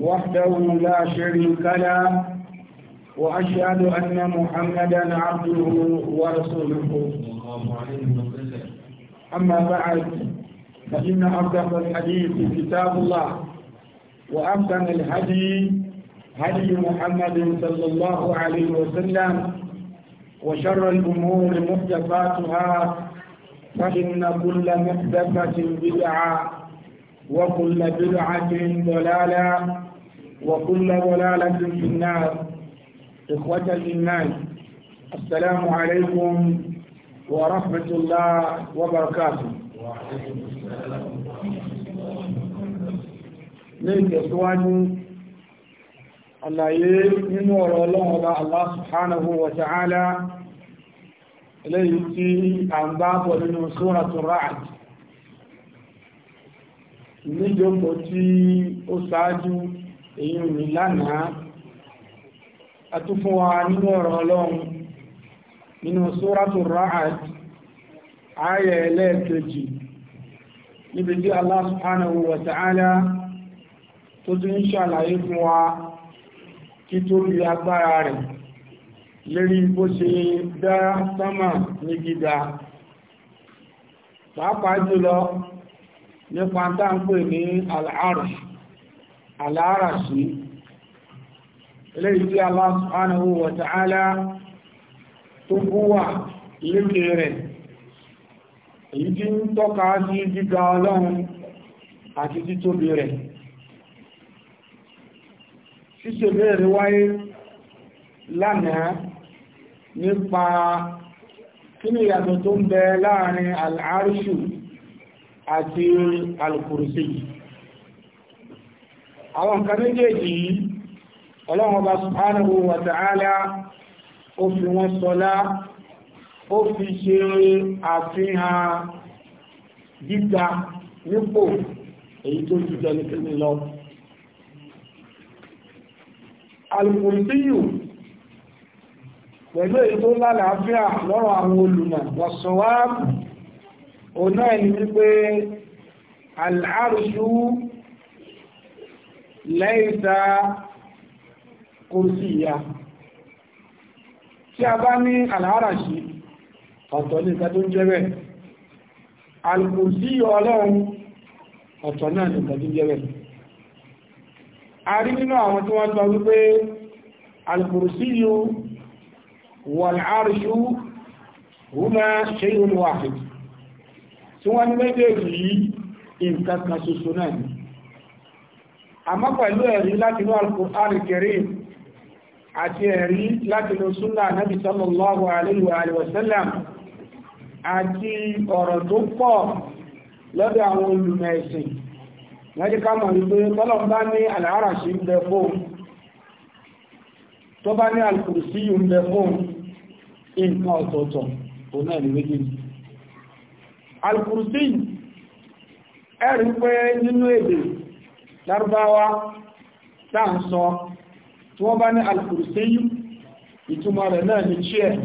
وحده لا شريك له وأشهد أن محمدا عبده ورسوله أما بعد فإن أصدق الحديث كتاب الله وأحسن الهدي هدي محمد صلى الله عليه وسلم وشر الأمور محدثاتها فإن كل محدثة بدعة وكل بدعة ضلالة وكل ضلالة في النار إخوة للناس السلام عليكم ورحمة الله وبركاته من يسواني الله ينور الله الله سبحانه وتعالى ليتي عن باب ومن سورة الرعد من يوم تي أساجو èyí ni lánàá atúfún wa nínú ọ̀rọ̀ ọlọ́run nínú sóràtù Ra'd ayẹ̀ ẹlẹ́ẹ̀kejì níbi tí Allah subhanahu wa ta'ala tó tún ń ṣàlàyé fún wa kí tó rí agbára rẹ̀ lérí bó ṣe dá sánmà ní gíga pàápàá jùlọ nípa táǹpẹ̀ ní al àlàáràṣí eléyìí tí Allah subhanahu wa ta'ala tó búwà lókè rẹ̀ èyí tí ń tọ́ka sí gíga ọlọ́run àti títóbi rẹ̀ ṣíṣe bẹ́ẹ̀rẹ̀ wáyé lánàá nípa kí ìyàtọ̀ tó ń bẹ láàrin al àti al àwọn nǹkan méjèèjì yìí ọlọ́run ọba subhanahu wa ta'ala ó fi wọ́n sọlá ó fi ṣe àfihàn gíga nípò èyí tó ju jẹnikẹ́ni lọ alùpùpù pẹ̀lú èyí tó lálàáfíà lọ́rọ̀ àwọn olùmọ̀ wọ̀sọ̀wáàpù ọ̀nà ẹni wípé al lẹ́ìta kùrùsí ìyá tí a bá ní àlàáràṣí ọ̀tọ̀ ní ìta tó ń jẹ́ bẹ́ẹ̀ alùkùrùsí ọlọ́run ọ̀tọ̀ náà ní ìta tó ń jẹ́ bẹ́ẹ̀ a rí nínú àwọn tí wọ́n sọ wípé alùkùrùsí yóò wàlárìṣú húnmá ṣe ìrùn wáhìd tí wọ́n ní méjèèjì yìí àmọ́ pẹ̀lú ẹ̀rí láti inú Al-Qur'an Karim àti ẹ̀rí láti inú súnà Nabi sallallahu alayhi wa sallam àti ọ̀rọ̀ tó pọ̀ lọ́dọ̀ àwọn olùmọ̀ ẹ̀sìn lọ́dí ká mọ̀ wípé tọ́lọ̀m bá ní al-Arashi ń ẹ̀rí pé nínú èdè lárúbáwá tá ń sọ tí wọ́n bá ní alkùrùsẹ́yù ìtumọ̀ rẹ̀ náà ní chíẹ̀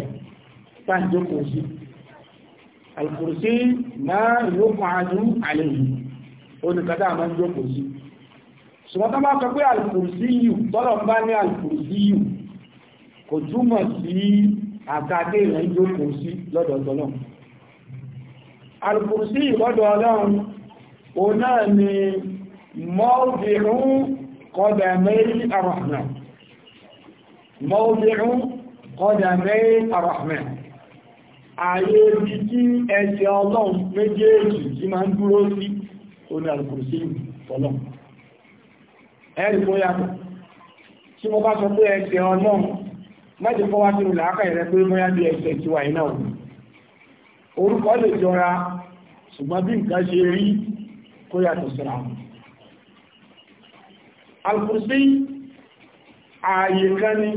tá ń jókòó sí alkùrùsẹ́yù náà yóò pàánú àlèyìn oníkàtà àmà ń jókòó sí ṣùgbọ́n tó bá sọ pé alkùrùsẹ́yù tọ́lọ̀ bá ní alkùrùsẹ́yù ni mọ́ọ̀dìrún kọ́dà mẹ́rin arahman mọ́ọ̀dìrún kọ́dà mẹ́rin arahman ààyè ibi tí ẹsẹ̀ ọlọ́run méjèèjì tí máa ń dúró sí oní àrùkùrùsí ọlọ́run ẹ̀rì kó yàtọ̀ tí mo bá sọ pé ẹsẹ̀ ọlọ́run mẹ́jọ kọ́ wá alkùrsí ààyè kan ni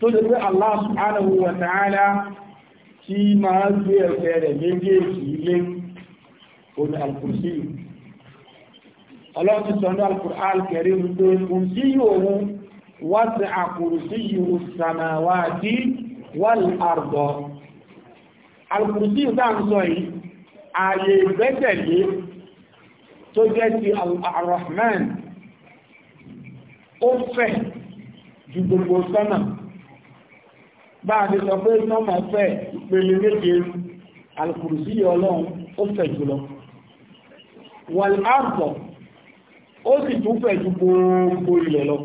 tó jẹ́ pé Allah subhanahu wa ta'ala tí máa gbé ẹ̀fẹ́ rẹ̀ méjèèjì ilé orí alkùrsí ọlọ́tí sọ́nà alkùrán kẹrin pé kùrsí òun wá sí àkùrsí yìí sàmàwàdí wal àrùbọ̀ alkùrsí dáńsọ yìí ààyè ìgbẹ́tẹ̀lé tó jẹ́ ti ó fẹ̀ ju gbogbo sánà bá a ti sọ pé sánà fẹ̀ ìpele méje alùkùrùsí ọlọ́run ó fẹ̀ jùlọ wàl áàpọ̀ ó sì tún fẹ̀ ju gbogbo ilẹ̀ lọ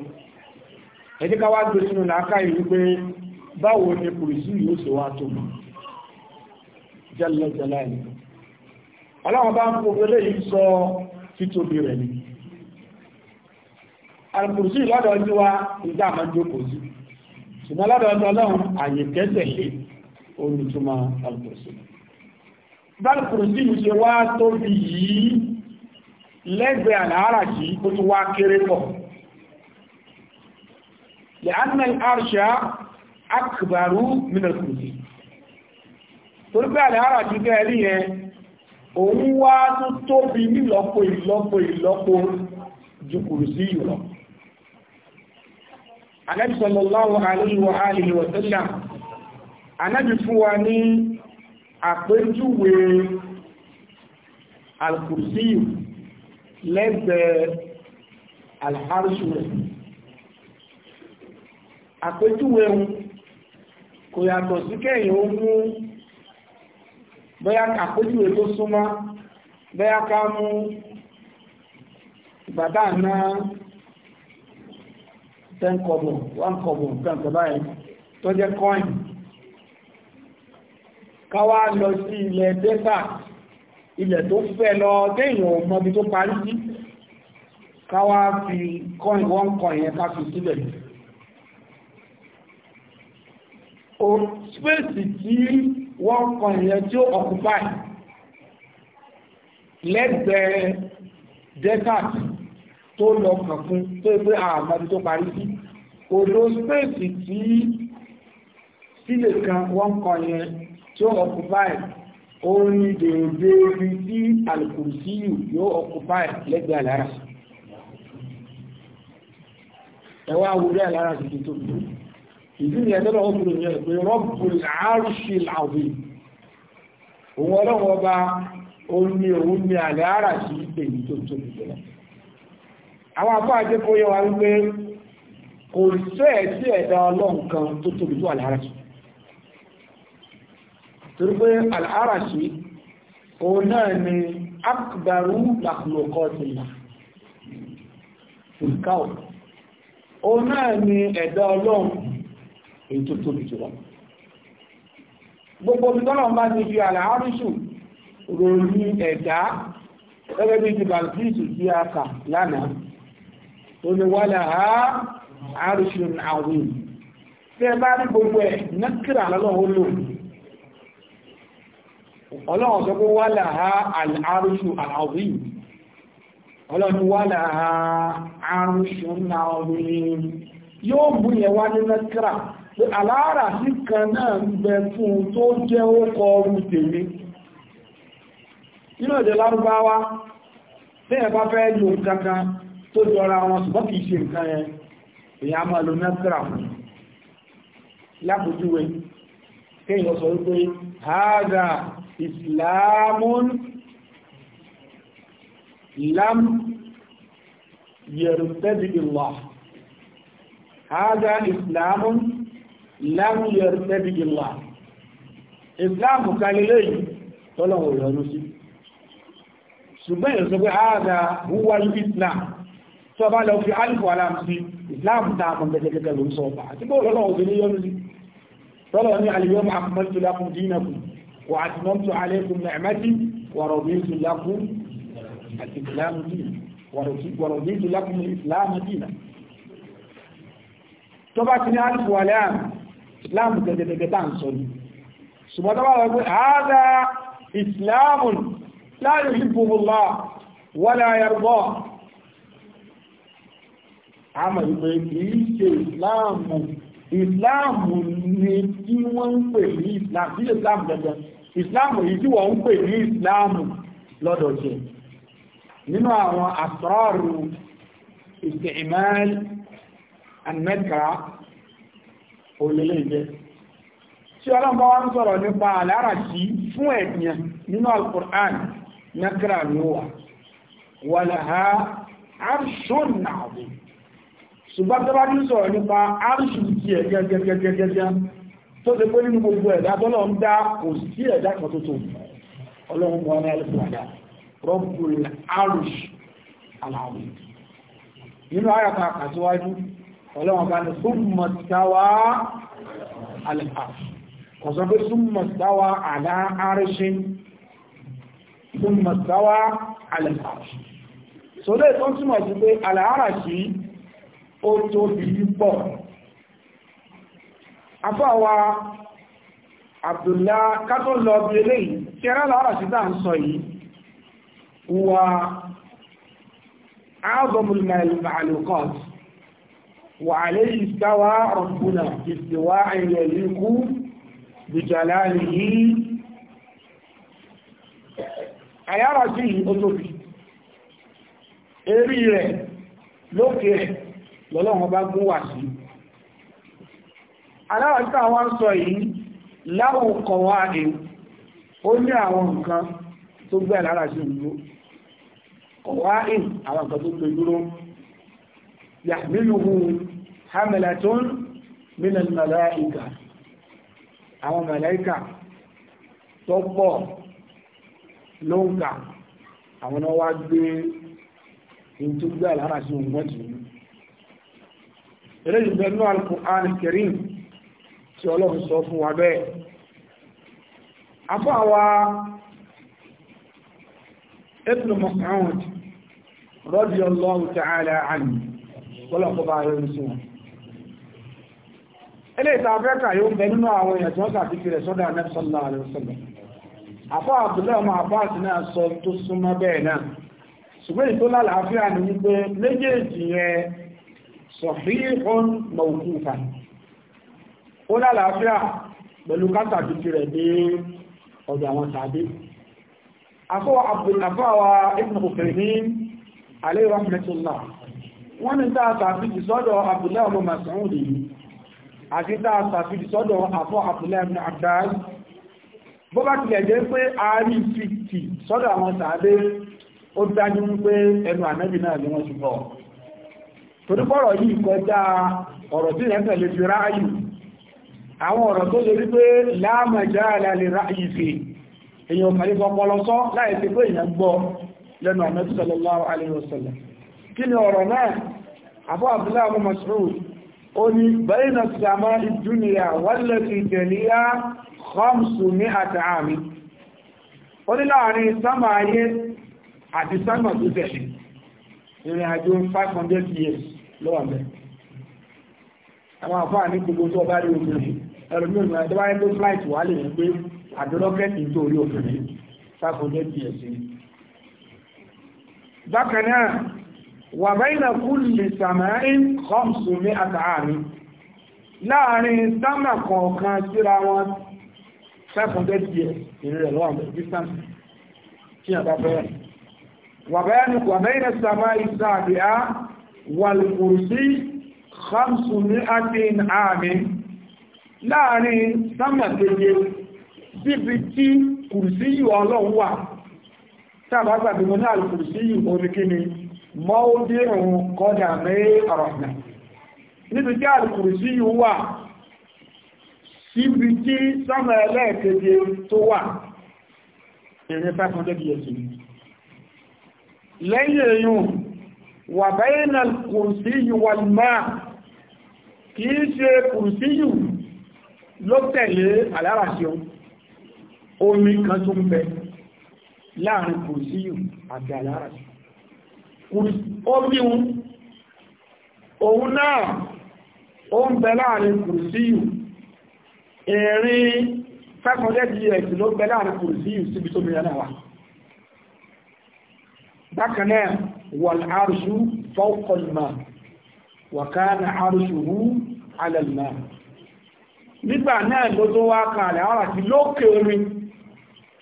ẹ jẹ́ ká wá gbé sínú làákàyè wípé báwo ni kùrùsí yóò ṣe wá tó jẹ́lẹ̀jẹ̀lẹ̀ ọlọ́run bá ń fòfin lè sọ títóbi rẹ̀ ni alùpùpù lọ́dọ̀ ọjọ́ wa ìjà máa ń jókòó sí ṣùgbọ́n lọ́dọ̀ ọjọ́ ọlọ́run àyè kẹsẹ̀lé olùtumọ̀ alùpùpù bálùpùpù yìí ṣe wá tóbi yìí lẹ́gbẹ̀ẹ́ àlàárà yìí ó tún wá kéré pọ̀ akbaru mínàkùnrin torípé àlàárà ti gẹ́ rí yẹn òun wá tún tóbi nílọ́pọ̀ ìlọ́pọ̀ ìlọ́pọ̀ jùkùrù sí ìlọ́pọ̀ Ànábì sallallahu alayhi wa alihi wa sallam Ànábì fún wa ní àpéjúwe al-kursi lẹ́gbẹ̀ẹ́ al-arsh àpéjúwe kò yàtọ̀ sí kẹ́yìn ó mú bóyá tó súnmọ́ bóyá ká mú ìbàdá náà ten kobo, one kobo, ten kobo. báyìí tó jẹ́ coin káwá lọ sí ilẹ̀ dẹ́sà ilẹ̀ tó fẹ́ lọ téèyàn mọ́bi tó parí sí káwá fi coin one coin yẹn ká fi sílẹ̀ o spéèsì tí one coin yẹn tí ó occupy lẹ́gbẹ̀ẹ́ desert tó lọ kàn fún tó pé àmọ́bí tó parí sí kò ló spéèsì tí sílè kan wọ́n kọ yẹn tí ó occupy orin dèédé ibi tí alkùnsíyù yóò occupy lẹ́gbẹ̀ẹ́ lára ẹwà àwùrẹ́ lára tuntun tó bí ìdí ni ẹ̀dọ́lọ́ ọkùnrin yẹn pé rọ́bùn àárùsì làwì òun ọlọ́wọ́ bá orin òun ni àlẹ́ ara sí èyí tó tóbi jẹ́ àwọn afọ àjẹkọ yọ wa wípé kò sẹ́ sí ẹ̀dá ọlọ́run kan tó tóbi tó àlárasì torí pé àlárasì òun náà ni akbaru làkùlọ̀kọ́ ti là ìkáwò náà ni ẹ̀dá ọlọ́run èyí tó tóbi jù lọ gbogbo ìtọ́lọ̀ bá ti fi àlárasì ròyìn ẹ̀dá gẹ́gẹ́ bí ti bàbí ìtù sí àkà lánàá ó ní wà láà àrùsùn àwìn tẹ́ bá rí gbogbo ẹ̀ nẹ́kìrà lọ́lọ́wọ́ lò ọlọ́wọ́ sọ pé wà láà àrùsùn àwìn ọlọ́ni wà láà àrùsùn àwìn yóò mú yẹ wá ní nẹ́kìrà pé sí kan náà ń bẹ fún tó jẹ́ ó kọ tèmi nínú èdè lárúbáwá tí bá fẹ́ lò kankan tó jọra wọn ṣùgbọ́n kìí ṣe nǹkan yẹn èyàn máa lo nẹ́tìrà fún lápòjúwe kéèyàn sọ wípé haza islamun lam yẹ̀rùtẹ́bì ìlà haza islamun lam yẹ̀rùtẹ́bì ìlà ìsìláàmù kalilé yìí tọ́lọ̀wọ̀ ìrọ̀lú sí ṣùgbọ́n ìrọ̀sọ́gbé haza huwa islam tí ọba lọ fi alifu aláàmì ìsìláàmù tá a mọ̀ gẹ́gẹ́gẹ́ ló ń sọ ọba àti bóòlù ọlọ́wọ́ obìnrin yọ́nu sí tọ́lọ̀ ní al-yawma akmaltu lakum dinakum wa atmamtu alaykum ni'mati wa raditu lakum al-islamu dinan wa raditu lakum al-islamu dinan tó bá ti ní alifu aláàmì ìsìláàmù gẹ́gẹ́gẹ́ tá à ń sọ ni ṣùgbọ́n tó bá wọ́n pé hādhā islāmun lā yuḥibbuhu Allāh wa lā yarḍāh a mọ̀ wípé kìí ṣe ìsìláàmù ìsìláàmù ni tí wọ́n ń pè ní ìsìláàmù sí ìsìláàmù gẹ́gẹ́ ìsìláàmù yìí tí wọ́n ń pè ní ìsìláàmù lọ́dọ̀ jẹ́ nínú àwọn àsọ́rù ìsìmáàlì àmẹ́kà òlélẹ́ tí ọlọ́mọ wa sọ̀rọ̀ nípa àláràṣí fún ẹ̀dìyàn nínú al-Qur'an nakra ni wà wàlàhá arṣùn nàbí ṣùgbọ́n tó bá ní sọ̀rọ̀ nípa arṣù ti ẹ̀ gẹ́gẹ́gẹ́gẹ́gẹ́ tó ti pé nínú gbogbo ẹ̀dá tọ́lọ̀ ń dá kò sí ẹ̀dá kan tó tó ọlọ́run wọn ní alẹ́kùnwàdá rọ́pùl arṣù aláàbò nínú pé súnmọ̀táwà àlá ó tóbi púpọ̀ afọ́wà Abdullah kátó lọ bí eléyìí tí ẹ̀rọ lọ́rọ̀ sí dáa ń sọ yìí wà áàbọ̀mùl ma'luqat wà alayhi istawa rabbuna istiwa'an yaliqu àyára sí ó erí rẹ̀ lókè rẹ̀ lọ́lọ́wọ́n bá gún wà sí aláwàtà wọ́n ń sọ yìí láwùkọ̀ wá ní ó ní àwọn nǹkan tó gbẹ̀ lára sí ìlú kọ̀wá ìn àwọn nǹkan tó gbé dúró yàmílùú hamilatun minal malaika àwọn malaika tó pọ̀ ló àwọn náà gbé ìtúgbà lára sí ìwọ̀n eléyìí bẹ̀rù al-Qur'an tí ọlọ́run sọ fún wa bẹ́ẹ̀ afọ́ àwa Ibn Mas'ud radiyallahu ta'ala anhu kọ́lọ̀kọ́bà rẹ̀ sí wọn eléyìí tá ọmọ náà sọ tó súnmọ́ bẹ́ẹ̀ náà ṣùgbọ́n wípé méjèèjì yẹn sọ̀híhún mọ̀kúfà ó lálàáfíà pẹ̀lú kátàkì ti rẹ̀ dé ọ̀dọ̀ àwọn tàbí afọ́wà abdullafawa ibn Uthaymeen alayhi rahmatullah wọ́n ni tàà tàfíjì sọ́dọ̀ abdullahi ọmọ Mas'udi àti tàà tàfíjì sọ́dọ̀ afọ́ abdullahi ibn Abbas bó bá tilẹ̀ jẹ́ pé ààrí fìtì sọ́dọ̀ àwọn tàbí ó dájú wípé ẹnu ànábì náà ni wọ́n ti bọ̀ torí bọ́rọ̀ yìí kọjá ọ̀rọ̀ tí yẹn tẹ̀lé fi ráyù àwọn ọ̀rọ̀ tó lè rí pé láàmàjá alẹ́ ráyù fi èyàn kàrí fọpọlọsọ́ láì ti pé èyàn gbọ́ lẹ́nu Ànábì sallallahu alaihi wasallam kí ni ọ̀rọ̀ náà àbọ́ Abdullahi abu Mas'ud ó ní bayna as 500 years lọ́wọ́ mẹ́. àwọn àfáà ní gbogbo tó bá rí obìnrin ẹ̀rọ mi ò ní ẹ̀dọ́ wáyé ló flight wà lè wọ́n pé àdúrókẹ́tì tó rí obìnrin sáfọ́jọ́ tiẹ̀ sí. bákan náà wà bẹ́yìnà kulli sàmáín khamsu ní àtàárí láàrin sámà kọ̀ọ̀kan síra wọn sáfọ́jọ́ tiẹ̀ ìrìnlẹ̀ lọ́wọ́ mẹ́ distance tí a bá fẹ́ wà bẹ́yìnà sàmáín sáàbì á wàlùkùrsí khamsu ní àtín àmì láàrin sámàtẹ́jẹ síbi tí kùrsí yìí ọlọ́run wà tàbí àgbàgbé mọ́ náà kùrsí yìí oríkíni mọ́ọ́dírùn kọ́dà mẹ́ àrọ̀nà níbi tí àlùkùrsí yìí wà síbi tí sámà ẹlẹ́ẹ̀kẹ́jẹ tó wà èrè 500 years lẹ́yìn èyàn wà bẹ́ẹ̀nà kùrùsíyù wà máa kìí ṣe kùrùsíyù ló tẹ̀lé aláràṣíọ́ omi kan tó ń bẹ láàrin kùrùsíyù àti aláràṣíọ́ omi òun náà ó ń bẹ láàrin kùrùsíyù èrin 500 years ló bẹ láàrin kùrùsíyù síbi tó mìíràn wà bákan والعرش فوق الماء وكان عرشه على الماء nígbà náà ló tó wá ka àlàárà sí lókè omi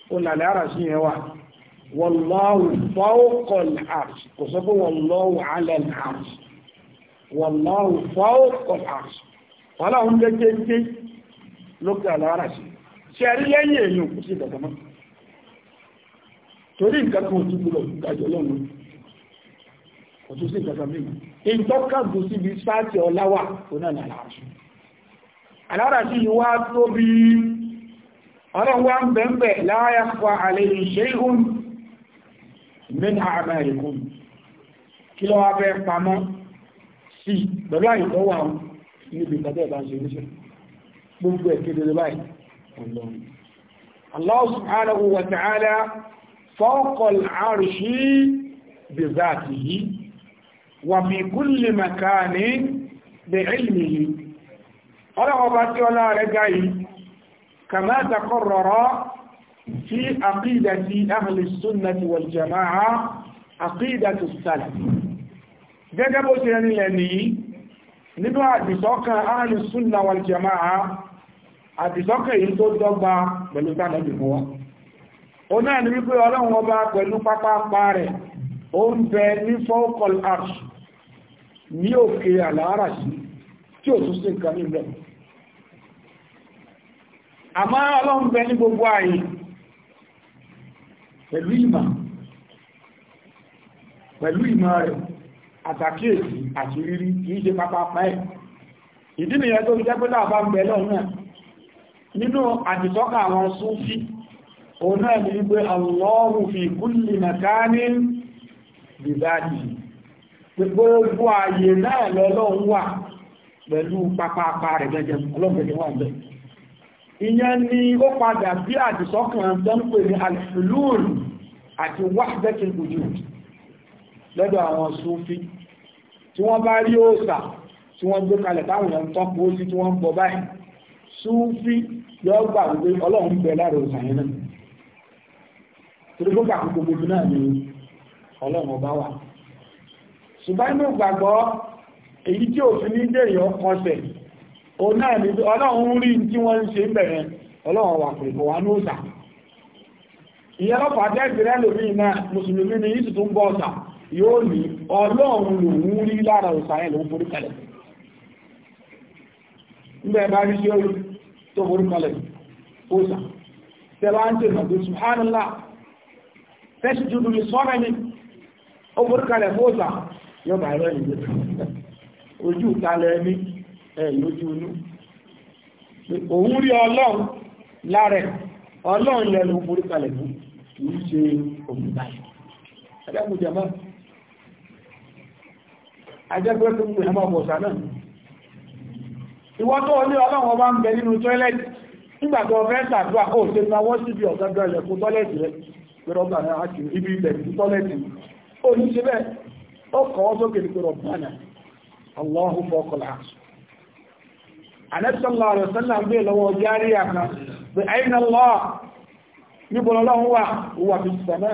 o làlàárà sí yẹn wà wallahu fawqa al-arsh kò sọ pé wallahu ala al-arsh wallahu fawqa al-arsh ń lé jẹ́jẹ́ lókè àlàárà sí ṣe lẹ́yìn èèyàn kò sí ìdàgbàmọ́ torí nǹkan kan ò túbúrọ̀ ìdájọ́ lọ́nà kò tún sí ìjọba mi ìtọ́kàgbò síbi sáàtì ọláwà tó náà nàlá àṣù alára sí ìwá tóbi ọlọ́wà ń bẹ̀m̀bẹ̀ láyá pa àlẹ́ ìṣẹ́ ìhùn mẹ́ta àmẹ́rìkún kí lọ́wọ́ fẹ́ pamọ́ sí pẹ̀lú àìtọ́wà níbi ìgbàdẹ́ ìbá ṣe وفي كل مكان بعلمه ọlọ́wọ́ bá tí ọlá rẹ̀ gáyì كما تقرر في عقيدة أهل السنة والجماعة عقيدة السلف gẹ́gẹ́ bó ṣe rí lẹ̀ nìyí nínú àdìsọ́kàn أهل السنة والجماعة àdìsọ́kàn yìí tó dọ́gba pẹ̀lú tánàbì fún wa ní fọ́ọ̀kọ̀l arṣì ní òkè àlàárà sí tí ò tún sí nǹkan ní ilẹ̀ àmá ọlọ́run bẹ ní gbogbo ààyè pẹ̀lú ìmà pẹ̀lú ìmà rẹ̀ àtàkíyèsí àti rírí kìí ṣe pápápá ẹ̀ ìdí nìyẹn tó jẹ́ pé láàbá ń bẹ náà nínú àdìsọ́kà àwọn súnfí òun náà ní wípé Allahu fi kulli makanin bi dhatihi gbogbo ààyè náà lọ́lọ́run wà pẹ̀lú pápápá rẹ̀ gẹ́gẹ́ ọlọ́gbẹ̀dẹ̀ wà bẹ̀. ìyẹn ni ó padà bí àdìsọ́kàn tó ń pè ní alfulun àti wahdatul wujud lọ́dọ̀ àwọn Sufi tí wọ́n bá rí òòsà tí wọ́n gbé kalẹ̀ táwọn èèyàn tọ́pọ̀ ó sí tí wọ́n ń báyìí Sufi yóò gbà wípé Ọlọ́run bẹ láàrin òòsà yẹn náà torí gbogbo àkókò gbogbo náà ni Ọlọ́run ọba wà ṣùgbọ́n inú gbàgbọ́ èyí tí òfin ní o náà ní ọlọ́run rí tí wọ́n ń ṣe bẹ̀rẹ̀ ọlọ́run wà pẹ̀lú wọn ní òsà ìyẹn lọ́pàá tẹ́ẹ̀sì rẹ̀ lómi mùsùlùmí ní ìsì ń bọ́ ọ̀sà yóò ní ọlọ́run lòun rí rí yóò máa rẹ̀ nìyẹn ojú ìtàlẹ̀ ẹni ẹ̀ lójú inú òun rí ọlọ́run lára ọlọ́run lẹ́nu borí kalẹ̀ fún kìí ṣe òun báyìí ẹgbẹ́kùn jẹ́ máa ajẹ́gbẹ́ tó mú ẹmọ ọ̀pọ̀sà náà ìwọ́n tó ní ọlọ́run ọba ń bẹ nínú tọ́ẹ̀lẹ̀tì nígbàtọ̀ ọ̀fẹ́ sàdúrà ó ṣe ń nawọ́ síbi ó kọ́ sókè ní pẹ̀rọ bánà Allahu fọ́kọ̀lá anẹ́sọ́lá rẹ̀ sọ́lá gbé lọ́wọ́ járí àkà bí àìnà lọ́ níbọn ọlọ́run wà wà fi sàmà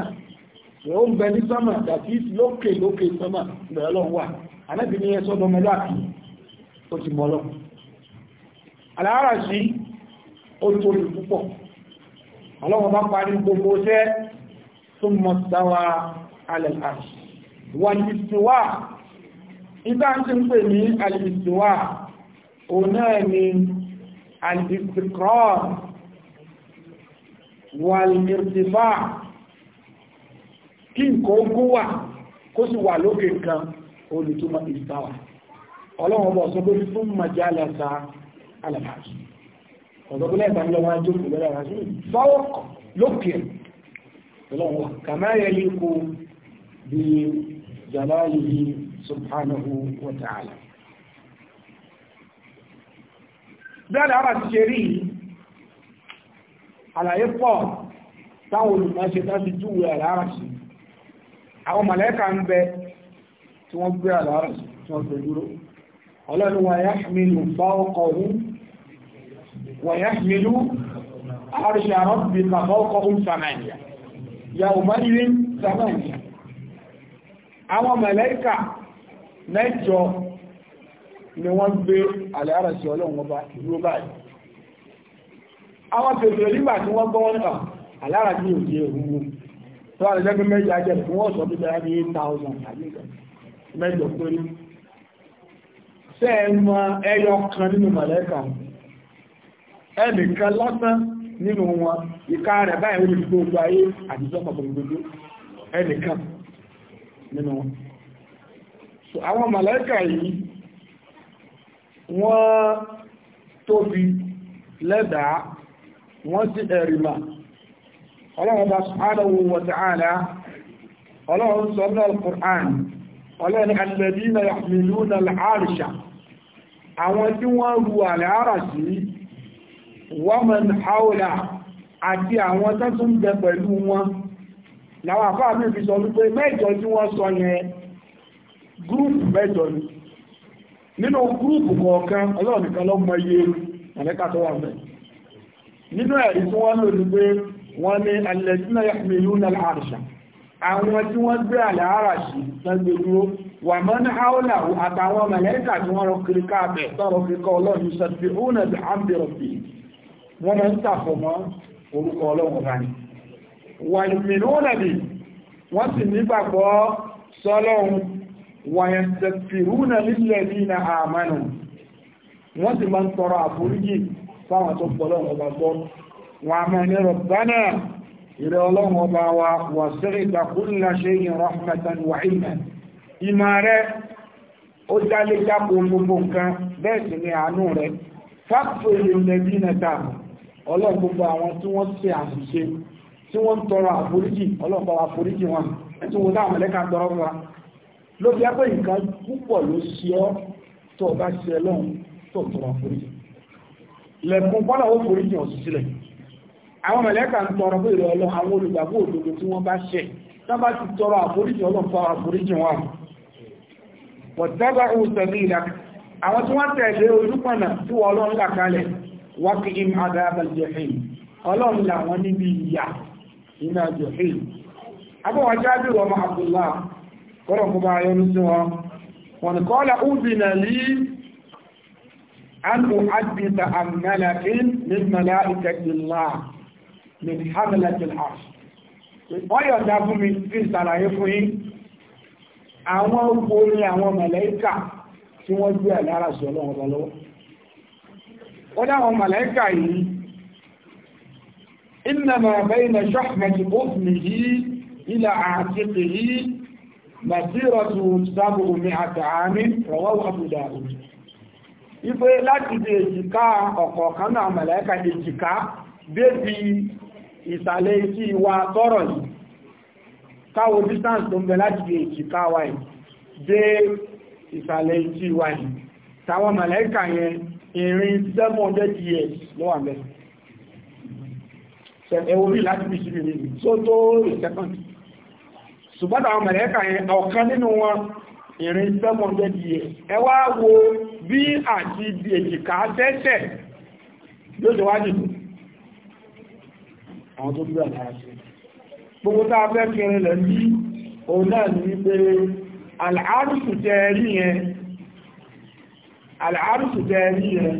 rẹ̀ ó ń bẹ ní sọ́mà dàbí lókè lókè sọ́mà rẹ̀ ọlọ́run wà anẹ́bí ní ẹsọ́ dọmọlọ́àkì ó ti mọ́ lọ alára sí ó tóbi púpọ̀ ọlọ́run bá parí gbogbo iṣẹ́ tó mọ̀ sáwà alẹ́ àṣì wàlìsíwá ibá ń ti ń pè ní alìsíwá òun náà ni alìsíkọ́ wàlìmìrìsífà kí nǹkan ogun wà kó sì wà lókè kan olùtúmọ̀ ìsáwà ọlọ́run bọ̀ sọ pé fún majalasa alàbàjì ọ̀dọ́gbọ́lẹ́ ìtànlọ́wọ́ ajókòó lọ́rọ̀ àrájú fọ́ọ̀kọ̀ lókè ọlọ́run wà kàmáyẹlẹ́kọ̀ọ́ bí جلاله سبحانه وتعالى dára ti ṣe rí àlàyé pọ̀ táwọn olùmọ́ṣe tàbí júwé àlàáràṣì àwọn màláíkà ń bẹ tí wọ́n gbé àlàáràṣì tí wọ́n gbé dúró ọlọ́run wa yahmilu fawqahum wa yahmilu arsha rabbika fawqahum samaniya yawma idhin samaniya àwọn mẹ̀lẹ́kà mẹ́jọ ni wọ́n gbé àlẹ́ara sí ọlọ́run ọba ìlú báyìí àwọn tèèrè nígbà tí wọ́n gbọ́wọ́n náà àlẹ́ara ní òjì èrúgbó tó wà lẹ́gbẹ́ mẹ́jọ ajẹ́ tí wọ́n sọ pípẹ́ láti 8,000 àbí mẹ́jọ péré tẹ́ ẹ mọ ẹyọ kan nínú mẹ̀lẹ́kà ẹnìkan lọ́sán nínú wọn ìka rẹ̀ báyìí ó lè gbogbo ayé àdìjọ́ gbogbo ẹnìkan nínú wọn so àwọn màláìkà yìí wọ́n tóbi lẹ́dàá wọ́n sí ẹ̀rìmà ọlọ́run bá subhanahu wa ta'ala ọlọ́run sọ ní al-Qur'an ọlọ́run alladhina yahmiluna al-arsha àwọn tí wọ́n rú àlàárà sí wa man hawla àti àwọn tó bẹ pẹ̀lú wọn làwọn àfáà mi fi sọ wípé mẹ́jọ tí wọ́n sọ yẹn gúrùpù mẹ́jọ ni nínú gúrùpù kọ̀ọ̀kan ọlọ́run nìkan ló mọ iye mọ̀lẹ́ka tó wà mẹ́ nínú ẹ̀rí tí wọ́n lò ní pé wọ́n ní alẹ́sínà yàmìlú náà àrùsà àwọn tí wọ́n gbé àlàárà sí lọ́gbẹ̀ dúró wà mọ́ ní àọ́là àtàwọn mọ̀lẹ́ka tí wọ́n rọ kiri káàbẹ̀ sọ̀rọ̀ kiri kọ́ ọlọ́run sọ̀tì wàlùmínúnàbì wọ́n sì nígbàgbọ́ sọ́lọ́run wàyẹ̀sẹ̀fìrúnà nílẹ̀ nínà àmánù wọ́n sì máa ń tọrọ àforíjì fáwọn tó pọ̀lọ́ ọba gbọ́ wọn a máa ní rọ̀bánà ìrẹ́ ọlọ́run ọba wa wà sẹ́rẹ̀ àwọn tí wọ́n ṣe àṣìṣe tí wọ́n tọrọ àforíjì ọlọ́pàá àforíjì wọn tí wọ́n dá àmọ̀lẹ́ka tọrọ wa ló fi ẹgbẹ́ nǹkan púpọ̀ ló ṣe ọ́ tó ọba ṣe lọ́hùn tó tọrọ àforíjì lẹ́kùn ó foríjì ọ̀sùn sílẹ̀ àwọn ń tọrọ ìrọ̀ ọlọ́ àwọn olùgbàgbọ́ òdodo tí wọ́n bá ṣẹ̀ tó bá ti tọrọ àforíjì ọlọ́pàá àforíjì wọn ìlà àwọn tí wọ́n tẹ̀lé olúpọ̀nà tí wọ́n ọlọ́run là kalẹ̀ wákìí ọlọ́run iná jòhí abọ́wà jáde ọmọ abdullá kọ́rọ̀ kó bá yọ́nú sí wọn wọn kọ́lá úbìnà lè an uhaddisa an malakin min malaikatillah min hamlatil arsh wọ́n yọ̀dá fún mi kí n ṣàlàyé fún yín àwọn ogun orí àwọn màláíkà tí wọ́n gbé ẹ̀ lára sí ọlọ́run ó dáwọn màláíkà yìí إنما بين شحمة قطنه إلى عاتقه مسيرة مئة عام رواه أبو داود ife láti di èjìká ọ̀kọ̀ọ̀kan náà mẹ̀lẹ́ka èjìká débi ìsàlẹ̀ isi wa tọ́rọ̀ yìí káwo distance tó ń bẹ láti di èjìká wa yìí dé ìsàlẹ̀ isi wa yìí táwọn mẹ̀lẹ́ka yẹn ìrìn 700 years ló mẹ́sàn ẹwọ mi láti bí síbi rí tó tó ìsẹ́kọ̀ndì ṣùgbọ́n àwọn mẹ̀lẹ́kà yẹn ọ̀kan nínú wọn ìrìn sẹ́mọ̀n jẹ́ di ẹ wá wo bí àti ibi èjìká tẹ́tẹ̀ yóò jọ wájú àwọn tó gbé àtàrà sí gbogbo tá a fẹ́ kiri lẹ̀ ní òun náà ní wípé àlàárùsù tẹ rí yẹn àlàárùsù tẹ rí yẹn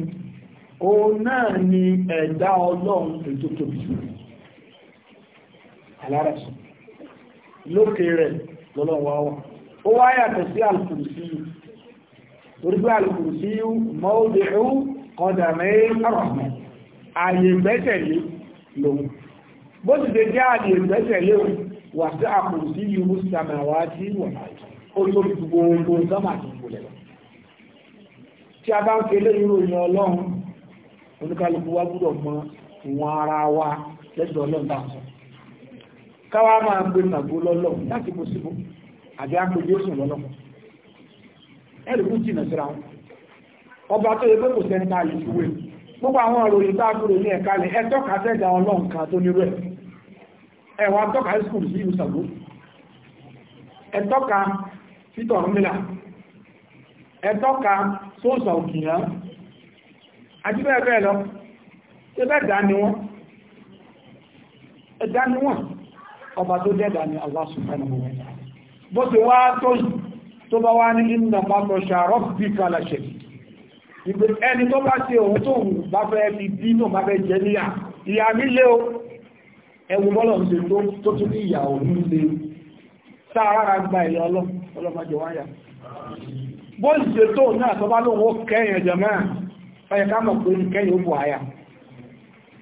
òun náà ni ẹ̀dá ọlọ́run ètò tóbi jùlọ alárasù lókè rẹ̀ lọ́lọ́wọ́ wọn ó wá yàtọ̀ sí alùkùrùsí torí pé alùkùrùsí mọ́ọ́dẹ̀ ó kọ́dà mẹ́rin àrọ̀mọ̀ ààyè gbẹ́sẹ̀lé lòun bó ti dé jẹ́ ààyè gbẹ́sẹ̀lé wà sí àkùrùsí yìí mú sàmàwá sí wọ̀nà ó tó fi gbogbo sọ́mà káwá máa gbé màgbó lọ́lọ́ láti kó síbò àbí àpèjì òsùn lọ́lọ́ ẹ̀rùkú jìnà síra wọn ọba tó yẹ pé kò sẹ́ni ká lè fi wé gbogbo àwọn ìròyìn ní ẹ̀ka lè ẹ tọ́ka sẹ́dà tó nírú ẹ̀ ẹ tọ́ka skul sí ìlú sàgbó títọ̀ mílà ọba tó dẹ́dà ni Allah subhanahu wa ta'ala bó ti wá tó yìí tó bá wá ní inna batasha rabbika la shadid ìgbé ẹni tó bá ṣe òun tó hùn bá fẹ́ fi bínú bá fẹ́ jẹ níyà ìyà mi lé o ẹwù bọ́lọ̀ ń ṣe tó tún ní ìyà òun lé sáà náà tó bá lóun kẹ́yìn ẹ̀jẹ̀ mẹ́rin ká mọ̀ pé kẹ́yìn ó bù àyà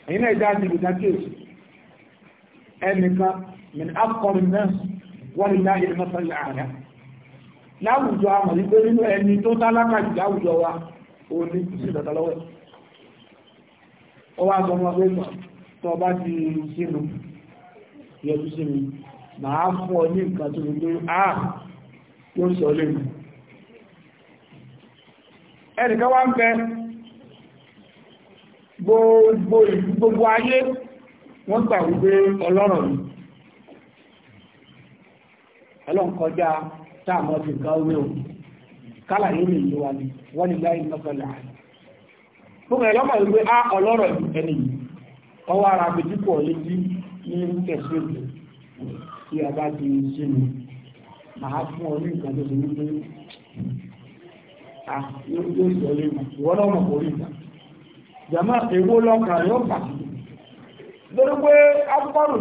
ẹ̀yìn náà ìdá ti gbìdá min akọrin náà wọ́n ní láyé mọ́sánlá àrá láwùjọ àmọ̀ wípé nínú ẹni tó tálákà jù láwùjọ wa ó ní ìṣẹ̀dọ̀tọ̀ lọ́wọ́ ó wá sọ ọmọ pé tó bá ti sínú yẹtú sí mi màá fún ọ ní nǹkan tó gbé á tó ń sọ lẹ́nu ẹnìkan wá ń bẹ gbogbo ayé wọ́n gbà wípé ọlọ́rọ̀ yìí ọlọ́run kọjá táàmù ọ̀fìn kan wé o kálà yóò lè wa ni wọ́n ni láì lọ́kọ̀ọ́lá gbogbo ẹ̀ lọ́mọ ìwé á ọlọ́rọ̀ ẹni yìí ọwọ́ ara létí ní tí a bá ti ṣe mi màá fún ọ ní nǹkan tó wípé a yóò sọ lé ìwọ́n náà mọ̀ èwo lọ́kàn yóò lórí pé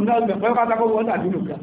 náà gbẹ̀pẹ́ pátákó dàbí nìkan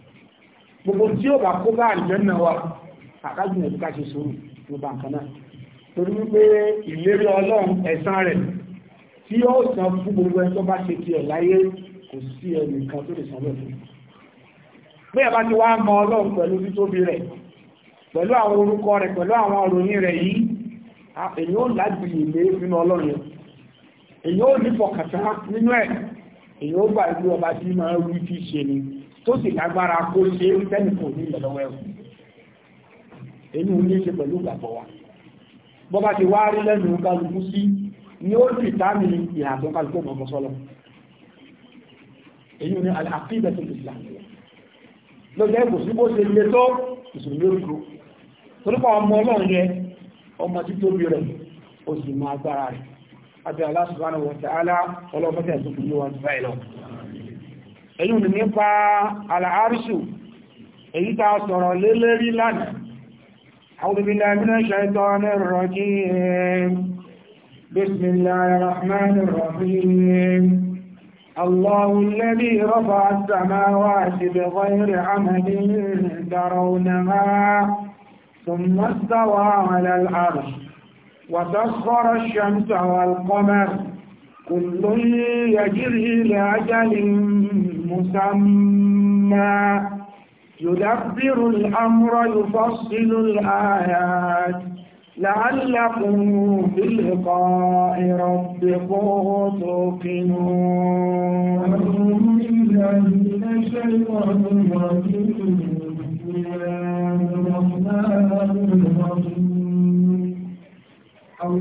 gbogbo tí ó bá kó bá àlùjànnà wa àkájùmọ̀ ìdíkà ṣe sórí gbogbo nǹkan náà torí wípé ìlérí ọlọ́run ẹ̀san rẹ̀ tí ó san fún gbogbo ẹni tó bá ṣe tiẹ̀ láyé kò sí ẹnìkan tó lè san lọ́dún bí ẹ bá ti wá mọ ọlọ́run pẹ̀lú títóbi rẹ̀ pẹ̀lú àwọn orúkọ rẹ̀ pẹ̀lú àwọn òròyìn rẹ̀ yìí èyí ó láti ìlé nínú ọlọ́run èyí ó nífọ̀kàtà nínú ẹ̀ èyí ó gbà ìlú ọba tí máa ń wí tí ṣe ni tó sì lágbára kó ṣe ń tẹ́lẹ̀ kò ní ìlọ́wọ́ ẹ̀wọ̀n èyí ò ní ṣe pẹ̀lú ìgbàgbọ́ wa bọ́bá ti wá rí lẹ́nu kálukú sí ni ó sì táàmì ìhàtọ́ kálukú ọmọ sọ́lọ́ èyí ni àkíbẹ̀ tó ti là lọ́jọ́ ẹ̀kọ́ sí bó ṣe lè tó ìṣòro lórúkọ torípa ọmọ ọlọ́run yẹ ọmọ títóbi rẹ̀ ó sì máa gbára rẹ̀ àti Allah subhanahu wa ta'ala ọlọ́pẹ́tẹ̀ tó fi yíwa jù báyìí èyí ni nípa àlàáríṣù èyí ta sọ̀rọ̀ lélẹ́rí lánàá أعوذ بالله من الشيطان الرجيم بسم الله الرحمن الرحيم الله الذي رفع السماوات بغير عمد ترونها ثم استوى على العرش وسخر الشمس والقمر كل يجري لأجل مسمى يدبر الأمر يفصل الآيات لعلكم بلقاء ربكم توقنون الشيطان الرجيم بسم الله الرحمن الرحيم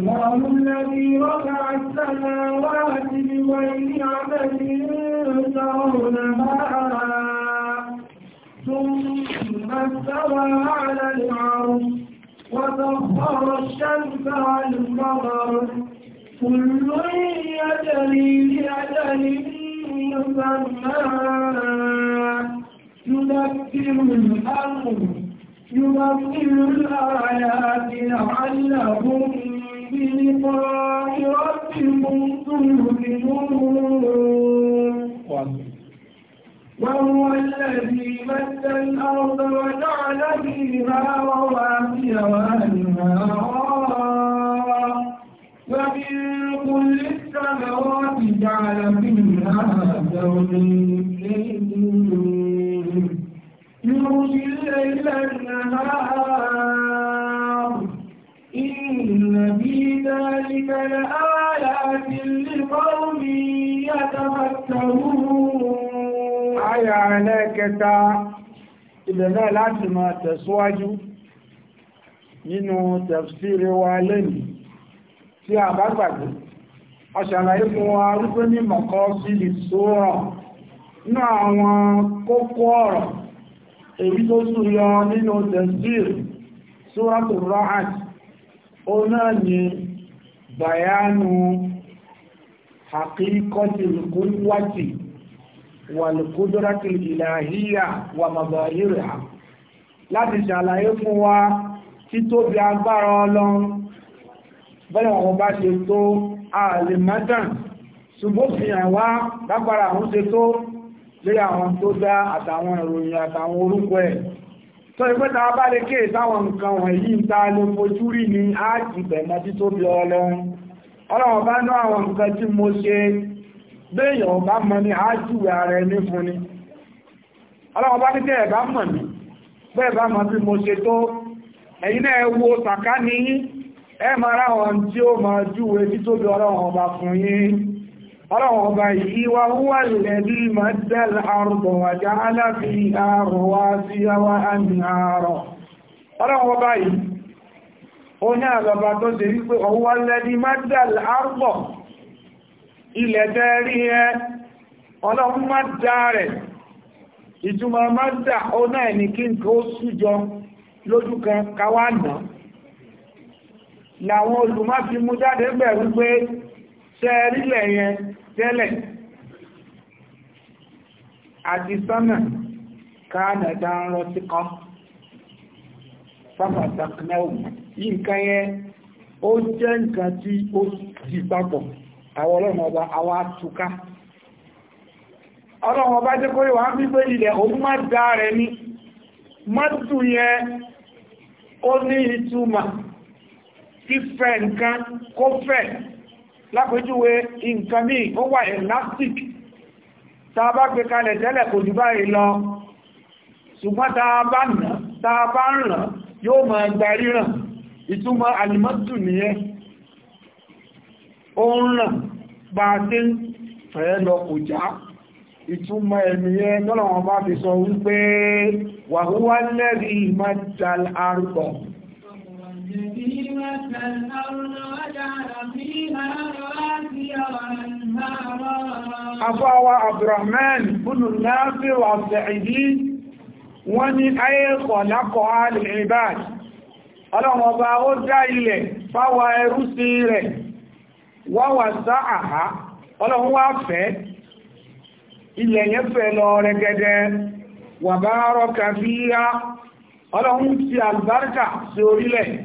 الله الذي رفع السماوات بغير عمد ترونها ثم استوى على العرش وسخر الشمس والقمر كل يجري لأجل مسمى يدبر الأمر يبطل الآيات لعلهم في لقاء ربكم تنهزمون وهو الذي مد الأرض وجعل فيها رواسي وأنهارا ومن كل الثمرات جعل فيها زوجين يغشي الليل النهار تلك الآيات لقوم يتفكرون آية ẹlẹ́kẹta ibẹ̀ náà láti máa tẹ̀síwájú nínú tẹ̀fsíri wa lẹ́nìí tí a bá gbàgbé ọ̀ṣàlàyé fún wa rúgbé ní mọ̀kọ́ sí ìṣòro ní àwọn kókó ọ̀rọ̀ èyí tó súyọ nínú tẹ̀síri Súratù Ra'ad, ó bayanu haqiqati al-quwwati wal-qudrati al-ilahiyya wa mazahiriha láti ṣàlàyé fún wa títóbi agbára ọlọ́run bọ́lá wọn bá ṣe tó ààlè mẹ́tàn ṣùgbọ́n fi hàn wá lágbára àwọn ṣe tó lórí àwọn tó dá àtàwọn ìròyìn àtàwọn orúkọ ẹ̀ tó ipé ta bá lè kéè sáwọn nǹkan wọ̀nyí ta lè fojú rí ni a ti bẹ̀mọ̀ tí tó bí ọlọ́run ọlọ́run bá ná àwọn nǹkan tí mo ṣe béèyàn bá mọ̀ ní ájúwé ara ẹni fún ni ọlọ́run bá ní tẹ́ẹ̀ bá mọ̀ ní bẹ́ẹ̀ bá mọ̀ bí mo ṣe tó ẹ̀yin náà wo tàkà ní ẹ mara wọn tí ó mọ̀ júwe títóbi ọlọ́run ọba fún yín ọlọ́wọ̀n ọba yìí wá wúwà lẹ́bí mọ́dẹ́l àrùbọ̀ wàjá aláfi àrùn wá sí yáwá àmì àrọ̀ ọlọ́wọ̀n ọba yìí ó ní àlọ́bà tó ṣe wípé ọwọ́ lẹ́bí mọ́dẹ́l àrùbọ̀ ilẹ̀ tẹ́rí ẹ tẹ́lẹ̀ àti sánà káàdàdà ń rọ sí kan sáfàtàkìnáwò ó jẹ́ nǹkan tí ó ti papọ̀ àwọn ọlọ́run ọba àwọn atúká ọlọ́run ọba jẹ́ kó ilẹ̀ o má dá rẹ̀ ní mọ́tù ó ní ìtumà fífẹ́ nǹkan kó lápẹjúwe nǹkan míì ó wà elastic tá a bá gbé kalẹ̀ tẹ́lẹ̀ kò jù báyìí lọ ṣùgbọ́n tá a bá nà tá a bá ń ràn yóò máa gba ríran ìtumọ̀ alimọ́tù nìyẹn ó ń ràn bá dé fẹ́ lọ kò já ìtumọ̀ ẹ̀nìyẹn tọ́lọ̀wọ̀n bá fi sọ wípé wàhúwá lẹ́rí ìmájàl àrùkọ̀ مكة أفاوى عبد الرحمن بن النافع السعيدي وني للعباد ọba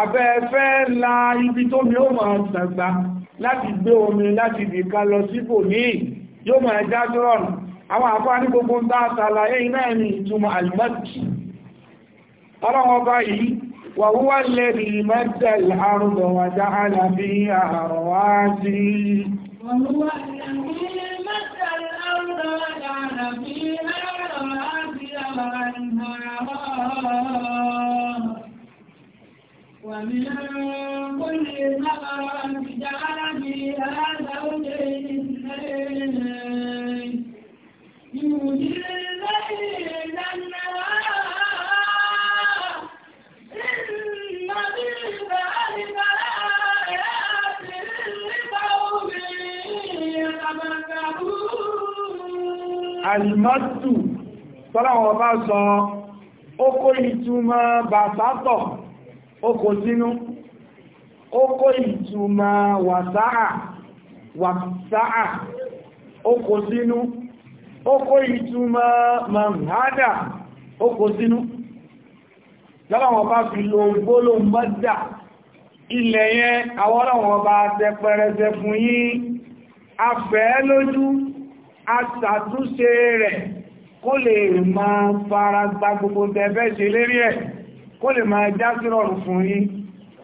abẹ́ẹ̀fẹ́ la ibi tó mi ó máa sàgbà láti gbé omi láti dìka lọ síbò ní yóò máa já dúrọ̀nù àwọn àfáà ní gbogbo ń bá àtàlàyé iná ẹni ìtumọ̀ alimọ́tì ọlọ́wọ́ báyìí wà wúwá lẹ́rì mẹ́tẹ̀l àrùbọ̀ wà já àlàbí àrọ̀wájí Thank you. ومن كل ثمرة جعل فيها زوجين اثنين يوجد الليل النهار إن في ذلك لآيات لقوم يتفكرون المد tọ́láwọ̀ bá sọ ó kó ìtumọ̀ bàtátọ̀ ó kò sínú ó kó ìtumọ̀ wàsáà wàsáà ó kò sínú ó kó ìtumọ̀ manhada ó kò sínú lọ́wọ́n bá fi lo gbóló mọ́dà ilẹ̀ yẹn àwọ́lọ́wọ́n bá tẹpẹrẹsẹ fún yín afẹ́ lójú aṣàtúnṣe rẹ̀ kó lè máa fara gba gbogbo tẹ́fẹ́ ṣe lérí ẹ̀ kó lè máa já sí rọrùn fún yí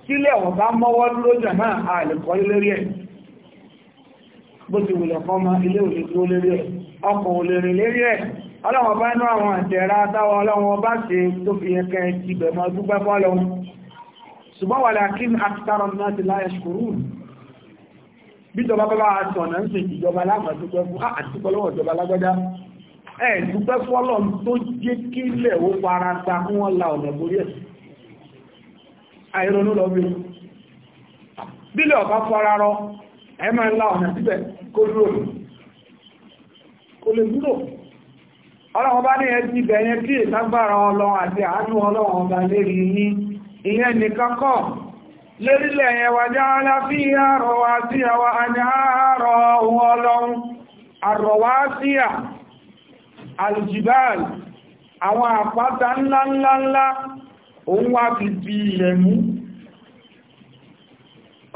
sílẹ̀ wọ̀n bá mọ́wọ́ dúró jẹ̀ máa àlèkọ́ lórí ẹ̀ bó ti wùlẹ̀ kọ́ ma ilé òlè dúró lórí ẹ̀ ọkọ̀ òlè rìn lórí ẹ̀ ọlọ́wọ̀n bá inú àwọn àtẹ̀rà táwọn ọlọ́wọ̀n bá ṣe tó fi yẹ kẹ́ tó jẹ́ kílẹ̀ ó fara ta wọ́n la ọ̀nà borí ẹ̀sìn àìrònú lọ bí bílẹ̀ ọ̀bá rọ ẹ máa ń la ọ̀nà síbẹ̀ kó dúró kò lè dúró ọlọ́run bá ní ẹbí bẹ̀yẹn kí ìtagbára ọlọ́run àti àánú ọlọ́run ọba lérí ní ìyẹn nìkan kọ́ lérílẹ̀ yẹn wà já láfí àrọ̀ sí àwà ohun ọlọ́run sí à òun wá fi fi ilẹ̀ mú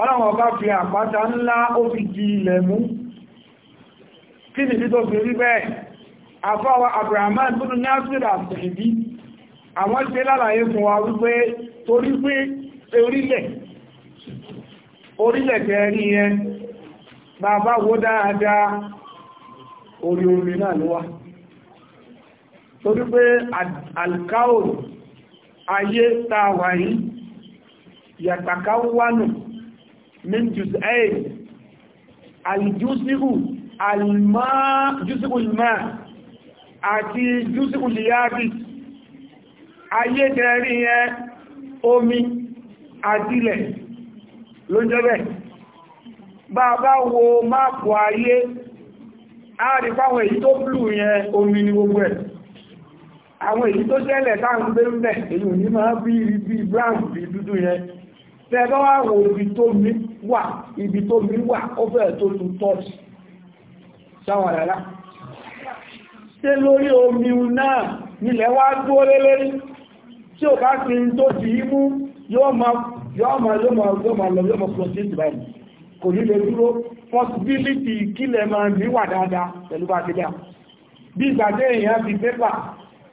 ọlọ́wọ̀n fi àpáta ńlá ó fi di ilẹ̀ mú kí ni fi rí bẹ́ẹ̀ afọ́wọ́ abrahaman búrú ní áfíríà àtẹ̀lẹ́bí àwọn ṣe lálàyé fún wa wípé torí pé orílẹ̀ orílẹ̀ tẹ́rí bàbá wo dáadáa orí náà ayé tàwà yìí yàtàkà wánù min jùsù ẹ̀ alìjúsíhù alìmá àti jùsíhù lìyàbì ayé tẹ́rí ẹ omi àtílẹ̀ ló jẹ́bẹ̀ bàbá wo máàpù ayé a rí fáwọn èyí tó blú yẹn omi ni gbogbo ẹ̀ àwọn èyí tó jẹ́lẹ̀ táàrùn gbé ń bẹ̀ èyí ní máa bí ibi brown bí dúdú yẹn tẹ́ bá wá wo ibi tó mi wà ibi tó mi wà ó fẹ́ tó tún tọ́ọ̀tì sáwọn ṣe lórí omi náà nílẹ̀ wá tó lélé tí ò bá ti ń tó ti imú yóò máa yóò máa yóò máa lọ yóò máa sí kò ní lè dúró kílẹ̀ máa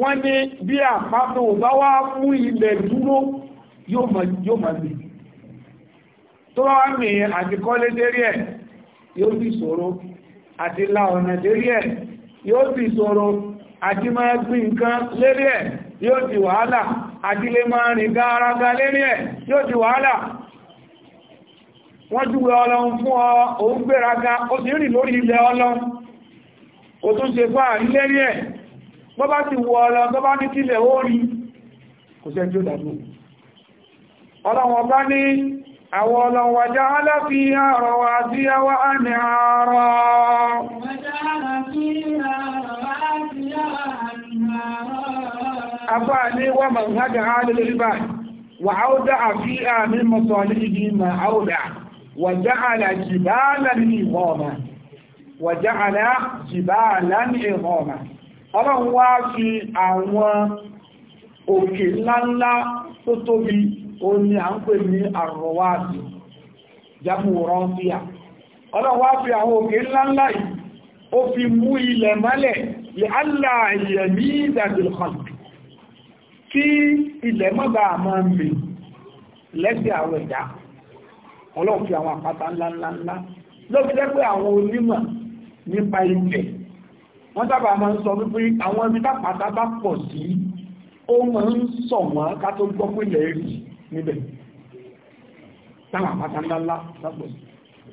wọ́n ní bí àpapọ̀ bá wá fún ilẹ̀ dúró yóò máa gbé tó wá mì àti kọ́lé dérí ẹ̀ yóò bí ṣòro àti la ọ̀nà dérí ẹ̀ yóò bí ṣòro àti máa gbin nǹkan lérí ẹ̀ yóò di wàhálà àti lè máa rìn gáaraga lérí ẹ̀ yóò di wàhálà wọ́n júwe ọlọ́run fún ọ òun gbéraga ó sì rìn lórí ilẹ̀ ọlọ́run ó tún ṣe fáà lérí ẹ̀ bọ́ bá ti wọ ọ̀rọ̀ tó bá ní kílẹ̀ ó rí kò sẹ́ tí ó dàbí ọlọ́wọ̀n bá ní àwọn ọlọ́wọ̀n wàjá aláfi àrọ̀ wà sí àwọ́ àmì àrọ̀ afá ní wà mọ̀hájá alẹ́lẹ́ ríbà wà áódá àfí àmì mọ̀sọ̀lẹ́ ìdí mà áódá wàjá alàjìbá lẹ́ni ìhọ́ọ̀mà ọlọ́run wá fi àwọn òkè ńláńlá tó tóbi o ni a ń pè ní àrọ̀wáàdì jámùrán fíà ọlọ́run wá fi àwọn òkè ńláńlá yìí ó fi mú ilẹ̀ mọ́lẹ̀ lè allá kí ilẹ̀ mọ́bà ń wọ́n sábà máa ń sọ wípé àwọn ibi tápàtà bá pọ̀ sí ó máa ń sọ wọ́n ká tó gbọ́ pé ilẹ̀ rí níbẹ̀ táwọn àpáta ńláńlá sápọ̀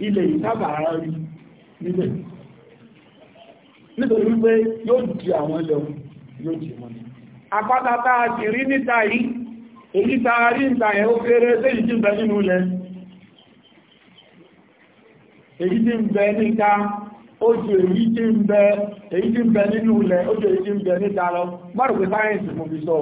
ilẹ̀ ìsábà ara rí níbẹ̀ nítorí wípé yóò di àwọn ilẹ̀ yóò di wọn àpáta tá a sì rí níta yìí èyí tá a rí níta yẹn ó kéré sí ìjì ń bẹ nínú ilẹ̀ èyí tí ń bẹ níta ojú èyí tí ń bẹ èyí tí ń bẹ nínú ilẹ̀ ojú èyí tí ń bẹ níta lọ mọ́rùn pé sáyẹ̀nsì mú fi sọ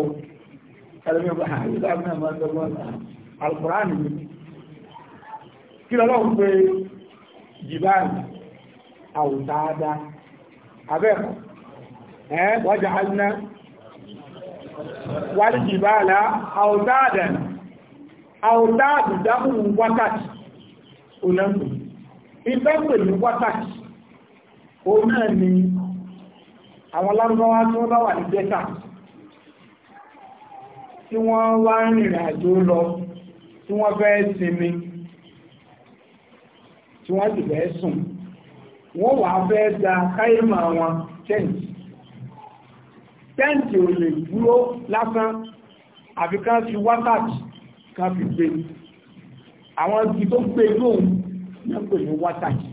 wọ́n jìbáàlá àwòtáàdà àwòtáàdù dákùn wákàtí olóńgbò ìfẹ́ pẹ̀lú wákàtí òun náà ni àwọn lárúbáwá tí wọ́n bá wà ní jẹ́ta tí wọ́n wá ń rìnrìn àjò lọ tí wọ́n fẹ́ sinmi tí wọ́n sì fẹ́ sùn wọ́n wà fẹ́ da káyémà wọn tẹ́ǹtì tẹ́ǹtì ò lè dúró lásán àfi ká fi wákàtí ká fi gbé àwọn ibi tó gbé lóhun ní pè wákàtí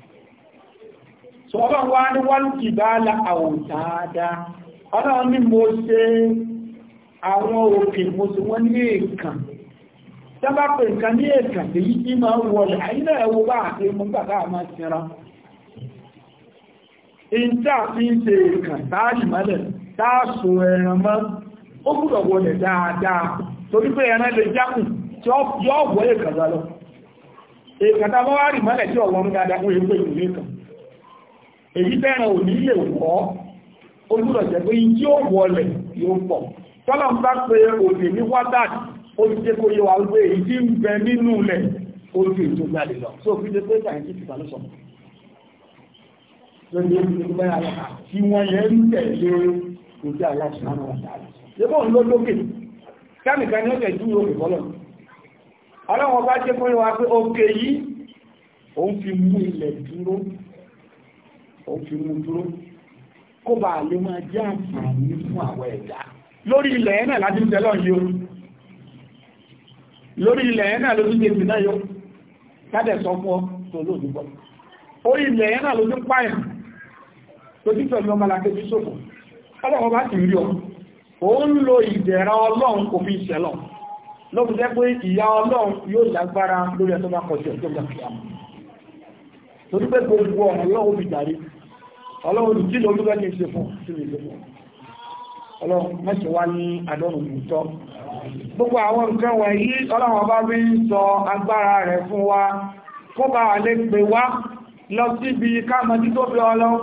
sọ wọ́n bá wá ní wálùkì bá la àwòtáadá ọlọ́run ní mo ṣe àwọn òkè mo sì wọ́n ní èèkàn sábà pé nǹkan ní èèkàn èyí tí máa ń wọlé àyínà ẹ̀wò bá àti mú gbàgbà máa sinra fi ń ṣe èèkàn táàrì mọ́lẹ̀ táàṣò ẹran mọ́ ó gbúdọ̀ wọlé dáadáa torí pé ẹran lè jákùn tí yọ́ wọlé kàzá lọ èèkàn tá a bá wá mọ́lẹ̀ tí ọ̀wọ́n dáadáa fún èyí bẹ́ẹ̀rẹ̀ ò ní lè wọ́ olúrọ̀ jẹ́ pé tí ó wọlẹ̀ yóò pọ̀ tọ́lọ̀ ń bá pé òdè ní wádàtì ó ti jẹ́ kó yẹ wa wípé èyí tí ń bẹ nínú lẹ̀ ó ti ètò jáde lọ tó fi jẹ́ pé scientific ló sọ lórí ẹgbẹ́ báyà lọ́kà tí wọ́n yẹ ń tẹ̀lé òjò aláṣẹ náà wà dáadáa ṣébọ̀ ń lọ lókè kẹ́mìkan ni ó tẹ̀ dúró òkè bọ́lọ̀ ọlọ́wọ́n bá jẹ́ kó yẹ wa pé òkè yìí òun fi mú ilẹ̀ dúró ó fi mú dúró kó bá lè máa jẹ́ àǹfààní fún àwọn ẹ̀dá lórí ilẹ̀ ẹ̀ náà láti ń tẹ́lọ̀ yìí o lórí ilẹ̀ ẹ̀ náà ló ti gbèsè náà yóò kádẹ̀ sọ fún ọ tó lóòdù gbọ́ orí ilẹ̀ ẹ̀ náà ló ti pààyàn tó ti pẹ̀lú ọmọ alákejì ṣòfò ọlọ́run bá ti rí ọ ó ń lo ìdẹ̀ra ọlọ́run kò fi ìṣẹ̀lọ̀ lọ́pù jẹ́ pé ìyá ọlọ́run yóò lágbára lórí ẹ̀tọ́ bá kọjú ọjọ́ gbàgbà torí pé gbogbo ọ̀nà ọlọ́run fi jàre ọlọ́run tí lórí bẹ́ẹ̀ ní ṣe fún sí lè ṣe fún ọlọ́run mẹ́sẹ̀ wá ní àdọ́rùn ìtọ́ gbogbo àwọn nǹkan wọ̀nyí ọlọ́run ọba bí ń sọ agbára rẹ̀ fún wa kó bá wà lè pè wá lọ síbi káàmọ́ tó bí ọlọ́run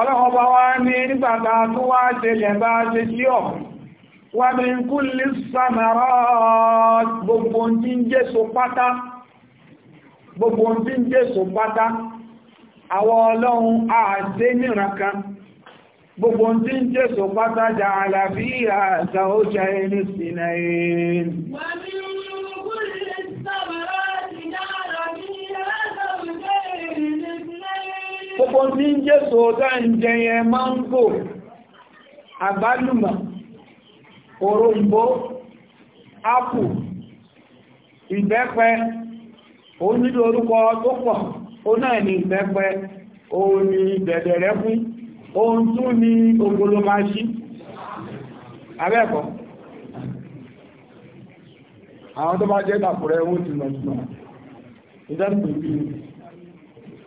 ọlọ́wọ́ bá wá ní nígbàtà tó wá tẹ́lẹ̀ bá ṣe sí ọ̀ wà ní kú lè sàmàrà gbogbo tí ń jésò pátá gbogbo tí ń jésò pátá àwọn ọlọ́run àdé nìrankan gbogbo tí ń jésò pátá jà àlàbí àtàójà ẹni sínà ẹni wọ́n gbogbo tí ń jẹ́ sòótá ń jẹyẹ máńgò àgbálùmọ̀ òròmbó ápù ìbẹ́pẹ òun nílò orúkọ tó pọ̀ ó náà ní ìbẹ́pẹ òun ni bẹ̀bẹ̀rẹ̀ fún ohun tún ní ogolomaṣí abẹ́ẹ̀kọ́ àwọn tó bá jẹ́ tàkùrẹ́ owó ti mọ̀ ìgbà ìdẹ́kùn bí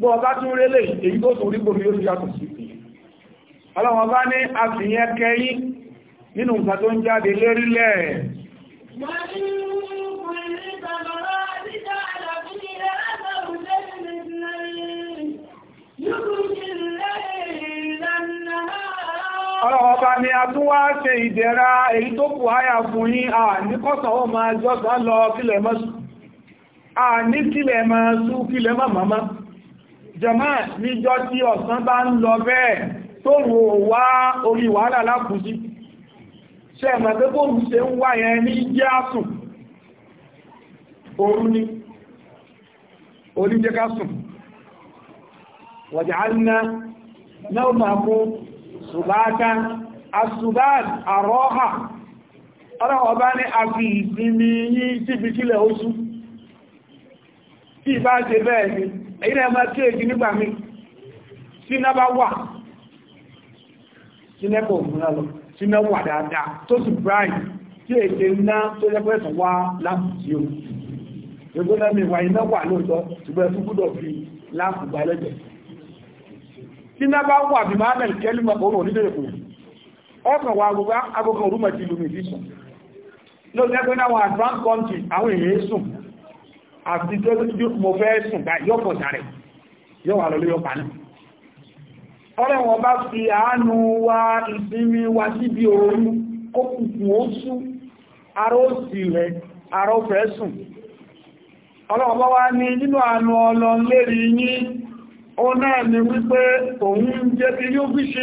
bọ́ ọba tún rélè èyí tó tún rígbò ní ó yàtọ̀ sí ti ọlọ́wọ́ bá ní àfihàn kẹyìn nínú nǹkan tó ń jáde lérílẹ̀ ọlọ́wọ́ bá ní a tún wá ṣe ìdẹ̀ra èyí tó kù áyà fún yín à ní kọ́sànwọ́ máa jọ́gbá lọ kílẹ̀ mọ́sù à ní kílẹ̀ máa sú kílẹ̀ máa máa jẹ̀mọ́ níjọ́ tí ọ̀sán bá ń lọ bẹ́ẹ̀ tó rò wá orí wàhálà lápùsí ṣe ẹ̀mọ̀ pé bó rú ṣe ń wá yẹn ní jẹ́ àsùn òru ni oníjẹ́ ká sùn waj'alna nawmakum subatan as-subat ar-raha ọlọ́wọ́ bá ní àfi ìsinmi yí síbi kílẹ̀ oṣù tí ìbá ṣe bẹ́ẹ̀ ni èyí náà máa tí èjì nígbà mi síná bá wà sínẹ́kọ̀ òmìnira lọ síná wà dáadáa tó sì brian tí èdè ńlá tó lẹ́pẹ́ ẹ̀sàn wá láàpù tí ó ẹgbẹ́ náà mi fi láàpù gbà lẹ́gbẹ̀ẹ́ síná bá wà bí máa mẹ́rin kẹ́lí mọ́ wa agogo agogo orúmọ̀ ti lùmí fi ebe lóòtọ́ ẹgbẹ́ náà wà advanced country àwọn èèyàn sùn àti tó tí mo fẹ́ sùn bá yọ́pọ̀ sàrẹ̀ yọ́ wà náà ọ̀rẹ́ wọn bá fi àánú wa ìsinmi wa síbi òun kó kùkùn ó sú ara ó sì rẹ̀ ó fẹ́ sùn ọlọ́wọ́ bá wá ní nínú àánú ọlọ́n lérí yín ó náà ni wípé òun jẹ́ yóò fi ṣe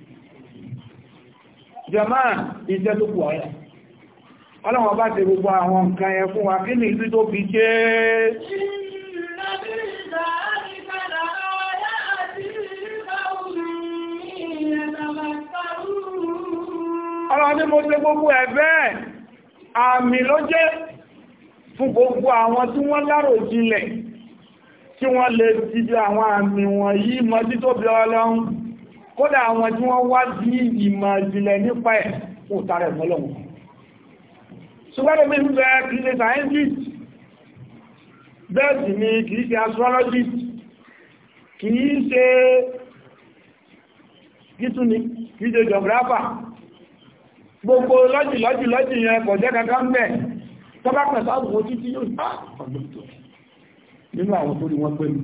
jamaa iṣẹ́ tó pọ̀ ọ̀yà ọlọ́wọ̀n bá ti gbogbo àwọn nǹkan ẹ fún wa kí ní ìlú tó fi ṣe ọlọ́wọ̀n ní mo ṣe gbogbo ẹ̀ bẹ́ẹ̀ àmì ló jẹ́ fún gbogbo àwọn tí wọ́n lárò jinlẹ̀ tí wọ́n lè ti di àwọn àmì wọ̀nyí mọ́ tító bí ọlọ́run kódà àwọn tí wọ́n wá bí ìmọ̀ ìjìnlẹ̀ nípa ẹ̀ fún ìtara ẹ̀mọ́lọ́wọ́ ṣùgbọ́n mi ń bẹ kìí ṣe scientist bẹ́ẹ̀ sì ni kìí ṣe astrologist kìí ṣe gítúni kìí ṣe geographer gbogbo lọ́jì lọ́jì lọ́jì yẹn kò jẹ́ kankan ń bẹ̀ tọ́bá pẹ̀sá àwọn títí yóò bá ah, ọ̀gbọ̀n nínú àwọn tó rí wọ́n pẹ̀lú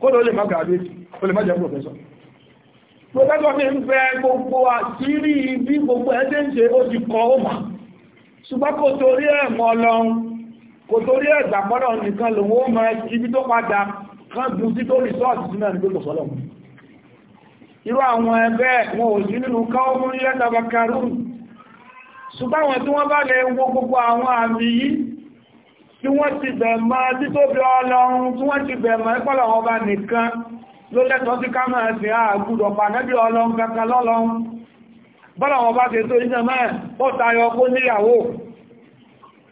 kó ló lè má gàdé ó lè má jẹ́ professor Prọfẹ́sọ̀ mi ń bẹ gbogbo àṣírí bí gbogbo ẹ̀ṣẹ́ ń ṣe ó ti kọ ó mà. Ṣùgbọ́n kò torí ẹ̀ mọ́ lọ́n, kò torí ẹ̀ gbàgbọ́dọ̀ nìkan lòun ó mọ ibi tó padà kan dùn sí tó rìsọ́ọ̀tì sínú ẹni tó lò sọ́lọ̀. Irú àwọn ẹgbẹ́ wọn ò sí nínú káwọ́mú yẹ́ta bakarun. Ṣùgbọ́n àwọn tí wọ́n bá lè wo gbogbo àwọn àmì yìí tí wọ́n ti bẹ̀ mọ́ títóbi ọlọ́run tí wọ́n ti bẹ̀ mọ́ ẹ̀pọ̀lọ̀ ọba nìkan ló lẹ́tọ́ sí ká máa sìn àgbùdọ̀ pàdébí ọlọ́run kankan lọ́lọ́run bọ́lá wọn bá ṣe tó iná mẹ́ẹ̀ ó tayọ kó níyàwó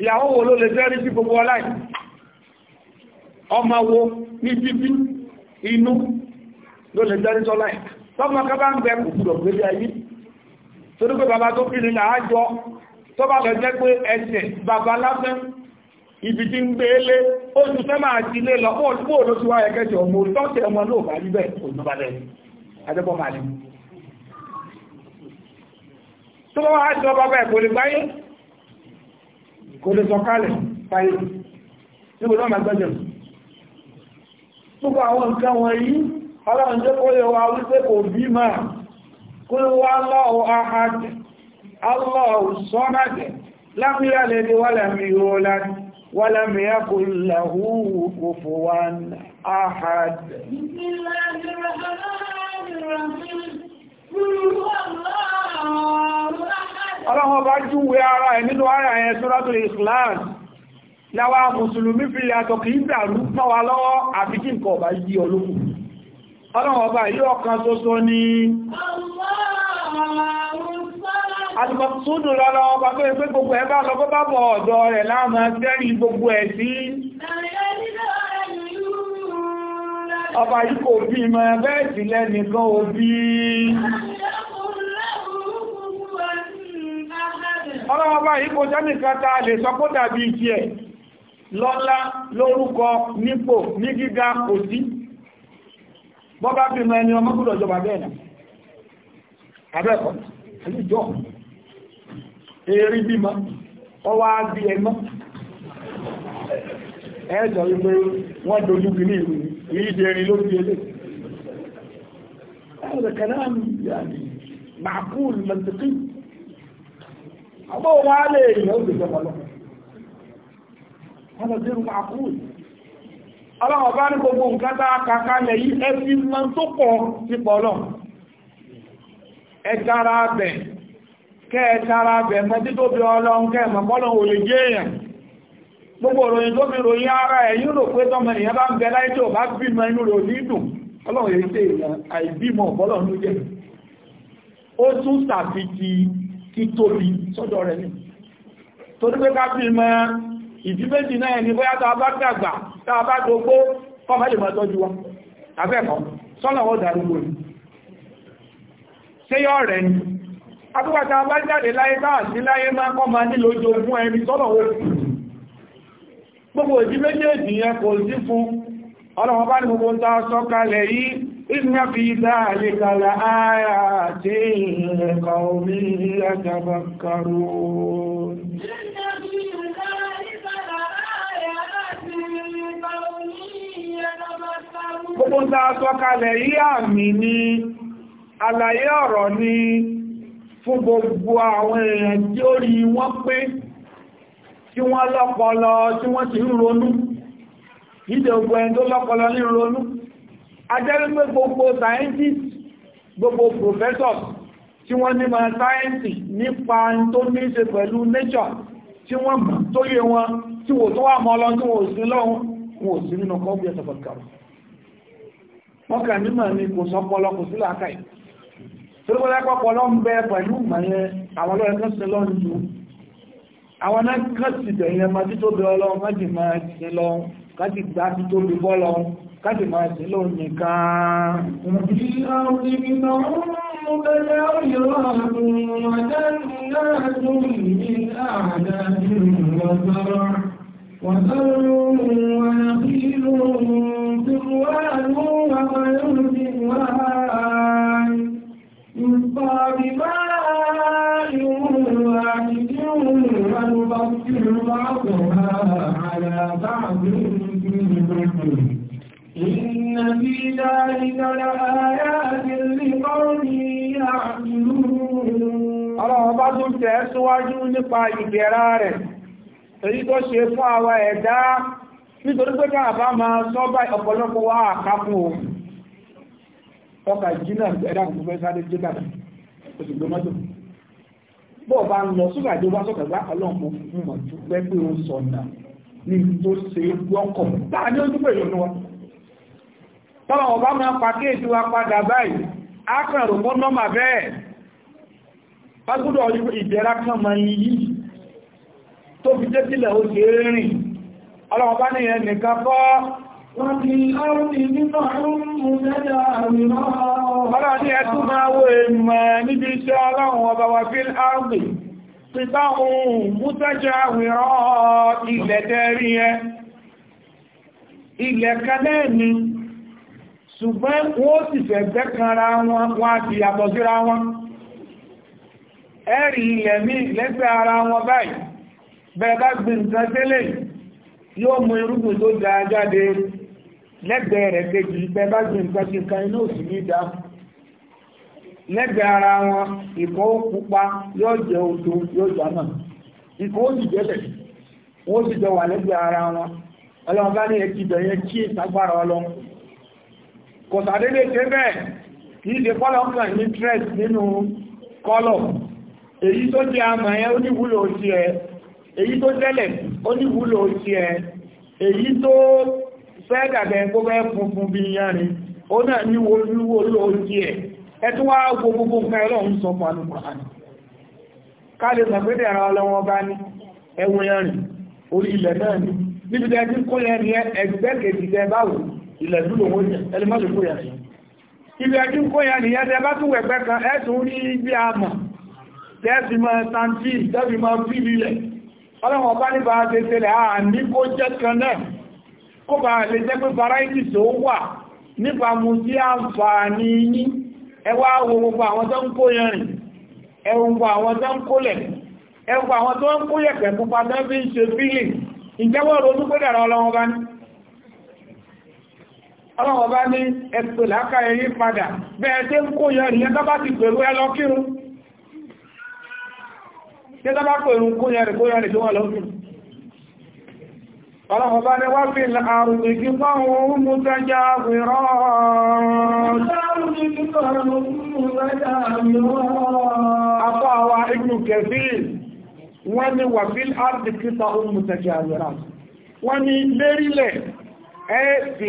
ìyàwó wo ló lè fẹ́ rí sí gbogbo ọláì ọmọ wo ní bíbí inú ló lè fẹ́ rí sọ́láì tọ́mọ ká bá ń bẹ kùkùrọ̀ pẹ̀lú ayé torí pé bàbá tó kí ni làájọ tó bá lọ jẹ́ pé ẹsẹ̀ bàbá lásán ibi tí ń gbé lé oṣù sẹ́mà àti ilé lọ fún olóṣù wáyé ọmọ olùtọ́tẹ̀ ọmọ náà bá máa tó bá kò lè gbáyé kò lè fáyé níbo náà máa gbẹ́jọ àwọn nǹkan kó yẹ wa wípé kò bí máa kó wá lọ́wọ́ ahad Allah sọ́nàjẹ̀ lábúyà lè ولم يكن له كفوا أحد بسم الله الرحمن الرحيم قل هو الله أحد ọlọ́run ọba júwe ara ẹ̀ nínú ara ẹ̀ suratul Ikhlas láwá mùsùlùmí fi yàtọ̀ kìí dàrú pọ́wà lọ́wọ́ àfi kí nǹkan ọba yí ọlọ́kù ọlọ́run ọba ìlú ọ̀kan ṣoṣo ni Allah alùpàtúndù lọ́lọ́ ọba tó ẹgbẹ́ gbogbo ẹbá lọ́gbọ́ bá bọ̀ ọ̀dọ̀ rẹ̀ láàmà tẹ́rì gbogbo ẹ̀ sí ọba yìí kò bí mọ bẹ́ẹ̀ sí lẹ́nìkan òbí ọlọ́ọba yìí kò jẹ́nìkan ta lè sọ kó dàbí ìtì ẹ̀ lọ́lá lórúkọ nípò ní gíga kò bọ́bá bí mọ ẹni ọmọ gbọ́dọ̀ jọba bẹ́ẹ̀ náà abẹ́ẹ̀kọ́ ẹni jọ́ ọ̀hún Eri bímọ ọwá adi ẹgbọ́n ẹ̀ẹ́jọ wípé wọ́n dojú ní ìlú yìí erin ló bí ẹ̀rọ kalam yàní ma'qul mẹ́tìkì àbọ̀ wọ́n lè èèyàn ó gbèjọba lọ bá ní gbogbo nǹkan kàkà lẹ̀ mọ́ tó pọ̀ sí pọ̀ lọ kẹ́ẹ̀tara bẹ̀mọ́ tí tó bí ọlọ́run kẹ́ẹ̀mọ̀ bọ́lọ̀ òye jẹ́ èèyàn gbogbo ìròyìn tó fi ròyìn ara ẹ̀ yíò rò pé tọ́mọ èèyàn bá ń bẹ láì tó bá bímọ inú rò ní dùn ọlọ́run èyí tẹ́ èèyàn àìbímọ bọ́lọ̀ ń jẹ́ ó tún sàfi ti ti tóbi sọ́dọ̀ rẹ̀ ní torí pé ká bímọ ìdí méjì náà ni bóyá tá a bá dàgbà tá a bá dogbó kọ́mọ lè máa tọ́jú wa agbúgbàtà bá jáde láyé báà sí láyé máa kọ́ máa nílò ojú ogún ẹni tọ́lọ̀ òsì gbogbo òjí méjèèjì yẹn kò sí fún ọlọ́wọ́ bá ní gbogbo ń ta sọ́kalẹ̀ yìí gbogbo ń ta sọ́kalẹ̀ yìí àmì ni àlàyé ọ̀rọ̀ ni fún gbogbo àwọn èèyàn tí ó rí wọ́n pé tí wọ́n lọ́pọlọ tí wọ́n ti ń ronú ìdè ògbò ẹni tó lọ́pọlọ ní ronú ajẹ́rẹ́gbé gbogbo scientist gbogbo professor tí wọ́n ní ma sáyẹ́ǹsì nípa tó ní ṣe pẹ̀lú nature tí wọ́n mọ̀ tó yé wọn tí wò tó wà mọ́ lọ tí wọ́n sí lọ́hun wọ́n sí nínú kọ́gbẹ̀ẹ́sọ̀fọ̀kàrù wọ́n kà nímọ̀ ní kò sọ́pọ̀lọ́ kò sí làákàyè torípọ́lá pọ́pọ́ lọ ń bẹ pẹ̀lú ìmọ̀lẹ́ àwọn ọlọ́rẹ̀ kan sí lọ́n jù àwọn náà kan sì tẹ̀yìn ẹmọ tító bẹ ọlọ́run káti máa sí lọ káti gbá tító bẹ bọ́lọ káti máa sí lọ nìkan وَذَرٌ وَنَخِيلٌ ذِرْوَانٌ وَغَيْرُ ذِرْوَانٌ بماء واحد ونفصل بعضها على بعض إن في ذلك لآيات لقوم يعقلون Ọlọ́run bá tún tẹ́ síwájú nípa ìbẹ̀rá rẹ̀, èyí tó ṣe fún àwa ẹ̀dá nítorí pé káàbá máa sọ́bà ọ̀pọ̀lọpọ̀ wá àkápò ohun ọkà jìnnà ẹ̀dá kò fẹ́ sáré jẹ́ bàbá o sì gbé o bá ń lọ sókè àjọ bá sọ̀kà gbá ọlọ́run fún mọ̀ tó pẹ́ pé o sọ̀nà ní tó ṣe gbọ́kọ̀ táà ní ojú pẹ̀lú ọ̀nà wa tọ́lọ̀ ọba máa pàkíyèsí wa padà báyìí á kàn rò mọ́ nọ́mà bẹ́ẹ̀ bá gbọ́dọ̀ ìdẹ̀ra kan máa ń tó fi jẹ́ sílẹ̀ ó ṣe rìn ọlọ́run bá ní ẹnìkan kọ́ وفي الأرض máa wo èèmọ̀ níbi iṣẹ́ ọlọ́run ọba wà fí l'áàrùn pípa ohun mútẹ́jà àwìrán ilẹ̀ tẹ́rí ẹ. Ilẹ̀ kanẹ́ ni, ṣùgbọ́n wọ́n sì fẹ̀ gbẹ́kanra wọn wá ti yàtọ̀ síra wọn. Ẹ̀rì ilẹ̀ lẹ́gbẹ́ ara wọn báyìí, bá gbìn lẹ́gbẹ̀ẹ́ rẹ̀ kejì ìgbẹ́ bá gbé nǹkan ti kan inú òsì ní ìdá lẹ́gbẹ̀ẹ́ ara wọn ìkọ́ pupa yóò jẹ oṣù yóò jọ náà ìkọ́ ó sì jẹ́bẹ̀ wọ́n sì jọ wà lẹ́gbẹ̀ẹ́ ara wọn ọlọ́run bá ní ẹkì bẹ̀yẹ kí ìsagbára ọlọ́run kò sàdédé ṣe bẹ́ẹ̀ kì í fẹ́gàgẹ́ kó fẹ́ funfun bí yánrin ó náà ní olúwo lóòjí ẹ̀ ẹtún wá gbogbo nǹkan ẹlọ́run sọ fún anúkọ̀ àná káàlẹ̀ sàpẹ́dẹ̀ ara ọlọ́wọ́ bá ní ẹwọ yánrin orí ilẹ̀ náà ní níbi tẹ́ tí kó yẹn ní ẹgbẹ́ kejì tẹ báwò ilẹ̀ dúró wọn yẹn ẹlẹ́mọ́lù kó yẹn ibi bá tún wẹ̀gbẹ́ kan ní kó jẹ́ kan náà kó bá lè jẹ́ pé variety tó wà nípa mú sí àǹfààní yí ẹwà wo gbogbo àwọn tó ń kó yẹrin ẹwùgbò àwọn tó ń kólẹ̀ ẹwùgbò àwọn tó ń kólẹ̀ pẹ̀lú pàtó fi ń ṣe fílì ìjẹ́wọ́ ronú pé dàrọ ọlọ́wọ́ bá ní ọlọ́wọ́ bá ní ẹ̀pẹ̀ ẹ̀yí padà bẹ́ẹ̀ tí ń kó yẹrin Ọlọ́run bá ní wá fi àrùn ìgbìmọ̀ ohun mú tẹ́jà àwìrán. Àpá wa Ibn Kathir, wọ́n ní wà fi àrùn kíta ohun mú tẹ́jà àwìrán. Wọ́n ní lérílẹ̀, fi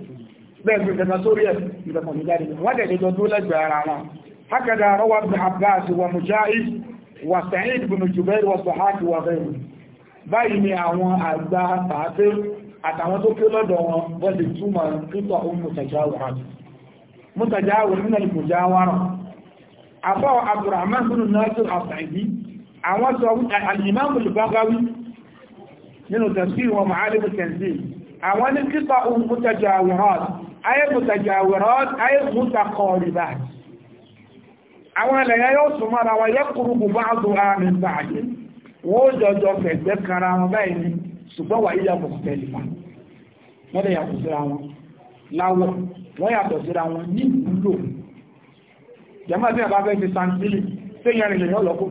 bẹ́ẹ̀ gbé ìjọba sórí ẹ̀ ìjọba ní jáde wọ́n dẹ̀ jọjọ tó lẹ́gbẹ̀ẹ́ ara wọn hakada rawa ibn abbas wa mujahid wa sa'id ibn jubair wa sahaki wa bẹ́ẹ̀ báyìí ni àwọn àgbà tààfẹ́ àtàwọn tó ké lọ́dọ̀ wọn wọ́n lè túmọ̀ títọ̀ ohun mutajawara mutajawara nínú ìmùjáwara àbọ̀ abdulrahman bin nasir al-sa'idi àwọn sọ al-imam al-bagawi nínú tafsir wa ma'alim al-tanzil àwọn ní kíkọ̀ ohun mutajawara ayé mùtàjàwẹ̀rọ ayé mùtàkọ̀ọ̀rìbà àwọn ẹlẹ́yẹ yóò sún mọ́ra wọn yẹ kúrú bù bá àdùn àmì báyìí wọ́n ó jọjọ fẹ̀gbẹ́ kanra wọn báyìí ni ṣùgbọ́n wà yíyà kò tẹ̀lé fa wọ́n lè yàtọ̀ síra wọn láwọ̀ wọ́n yàtọ̀ síra wọn ní ìwúlò jẹ́mọ́ sí àbá fẹ́ ti santili téèyàn rìn lèyàn lọ́kù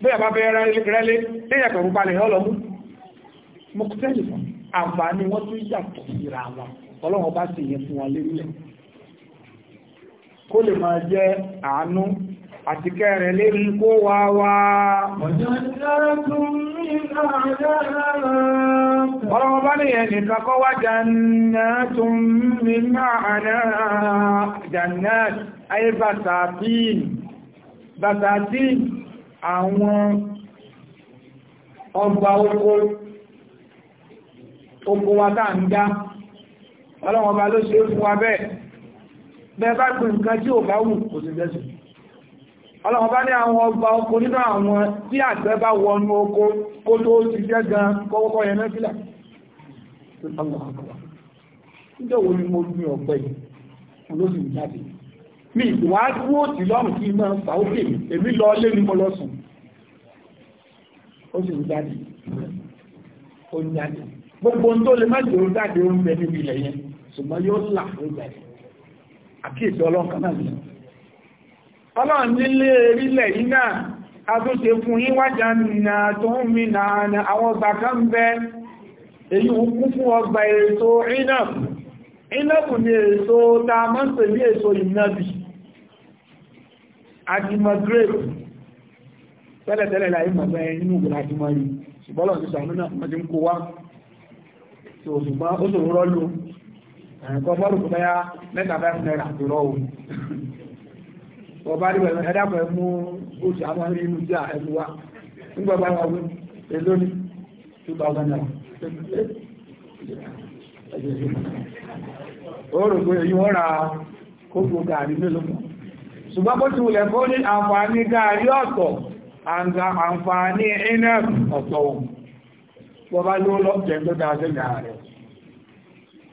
bí àbá fẹ́ rẹ́lé téèyàn kẹ̀kọ́ palẹ̀ lọ́lọ́kù mọ̀kútẹ́lì fún àǹfààní wọ́n tún yàtọ̀ síra wọn ọlọ́run bá sì yẹn fún wa lérílẹ̀ kó lè máa jẹ́ àánú àti kẹrẹ lérí kó wá wá ọlọ́run bá ní ẹni kakọ́ wá jannatun min ma'ana jannat ayé basatin àwọn ọgbà oko oko wa tá ń dá ọlọ́wọ́n bá ló ṣe fún wa bẹ́ẹ̀ bẹ́ẹ̀ bá pín nǹkan tí ò bá wù kò sí bẹ́sù ọlọ́wọ́n bá ní àwọn ọgbà oko nínú àwọn tí àgbẹ̀ bá wọnú oko kó tó ti jẹ́ gan kọ́kọ́kọ́ yẹn mẹ́fìlà níjọ́wò ni mo gbin ọ̀pẹ olóṣù jáde mi ìwà dúró tì lọ́rùn kí máa fà ókè èmi lọ lé ní mo lọ sùn ó sì ń jáde ó ń jáde gbogbo tó lè má jòrò jáde ó ń níbi ilẹ̀ yẹn ṣùgbọ́n yóò là nígbàdì àkíyèsí ọlọ́kan náà nìyàn ọlọ́run nílé orílẹ̀ yìí náà a tó ṣe fún yín wájá nìyà tó ń mi nàánà àwọn ọgbà kan bẹ èyí kún fún ọgbà èso ìnàbù ìnàbù ni èso ta mọ́ ń pè ní èso ìnàbì àjìmọ̀ grape tẹ́lẹ̀tẹ́lẹ̀ láì mọ̀ bẹ́ inú ìgbìlá ti mọ́ yìí ṣùgbọ́n lọ́n ti sàánú ń kó wá ṣùgbọ́n ó ṣòro rọ́lù ẹ̀kọ́ bọ́ọ̀lù kò bẹ́yà mẹ́ta five naira tó rọ̀ òun ọba rí ẹ̀rọ ẹ̀dàpọ̀ ẹ̀mú oṣù àwọn inú jà ẹ̀mú wa ọgwụ bá wà wí ọgwụ ní two thousand naira ó rò pé èyí ra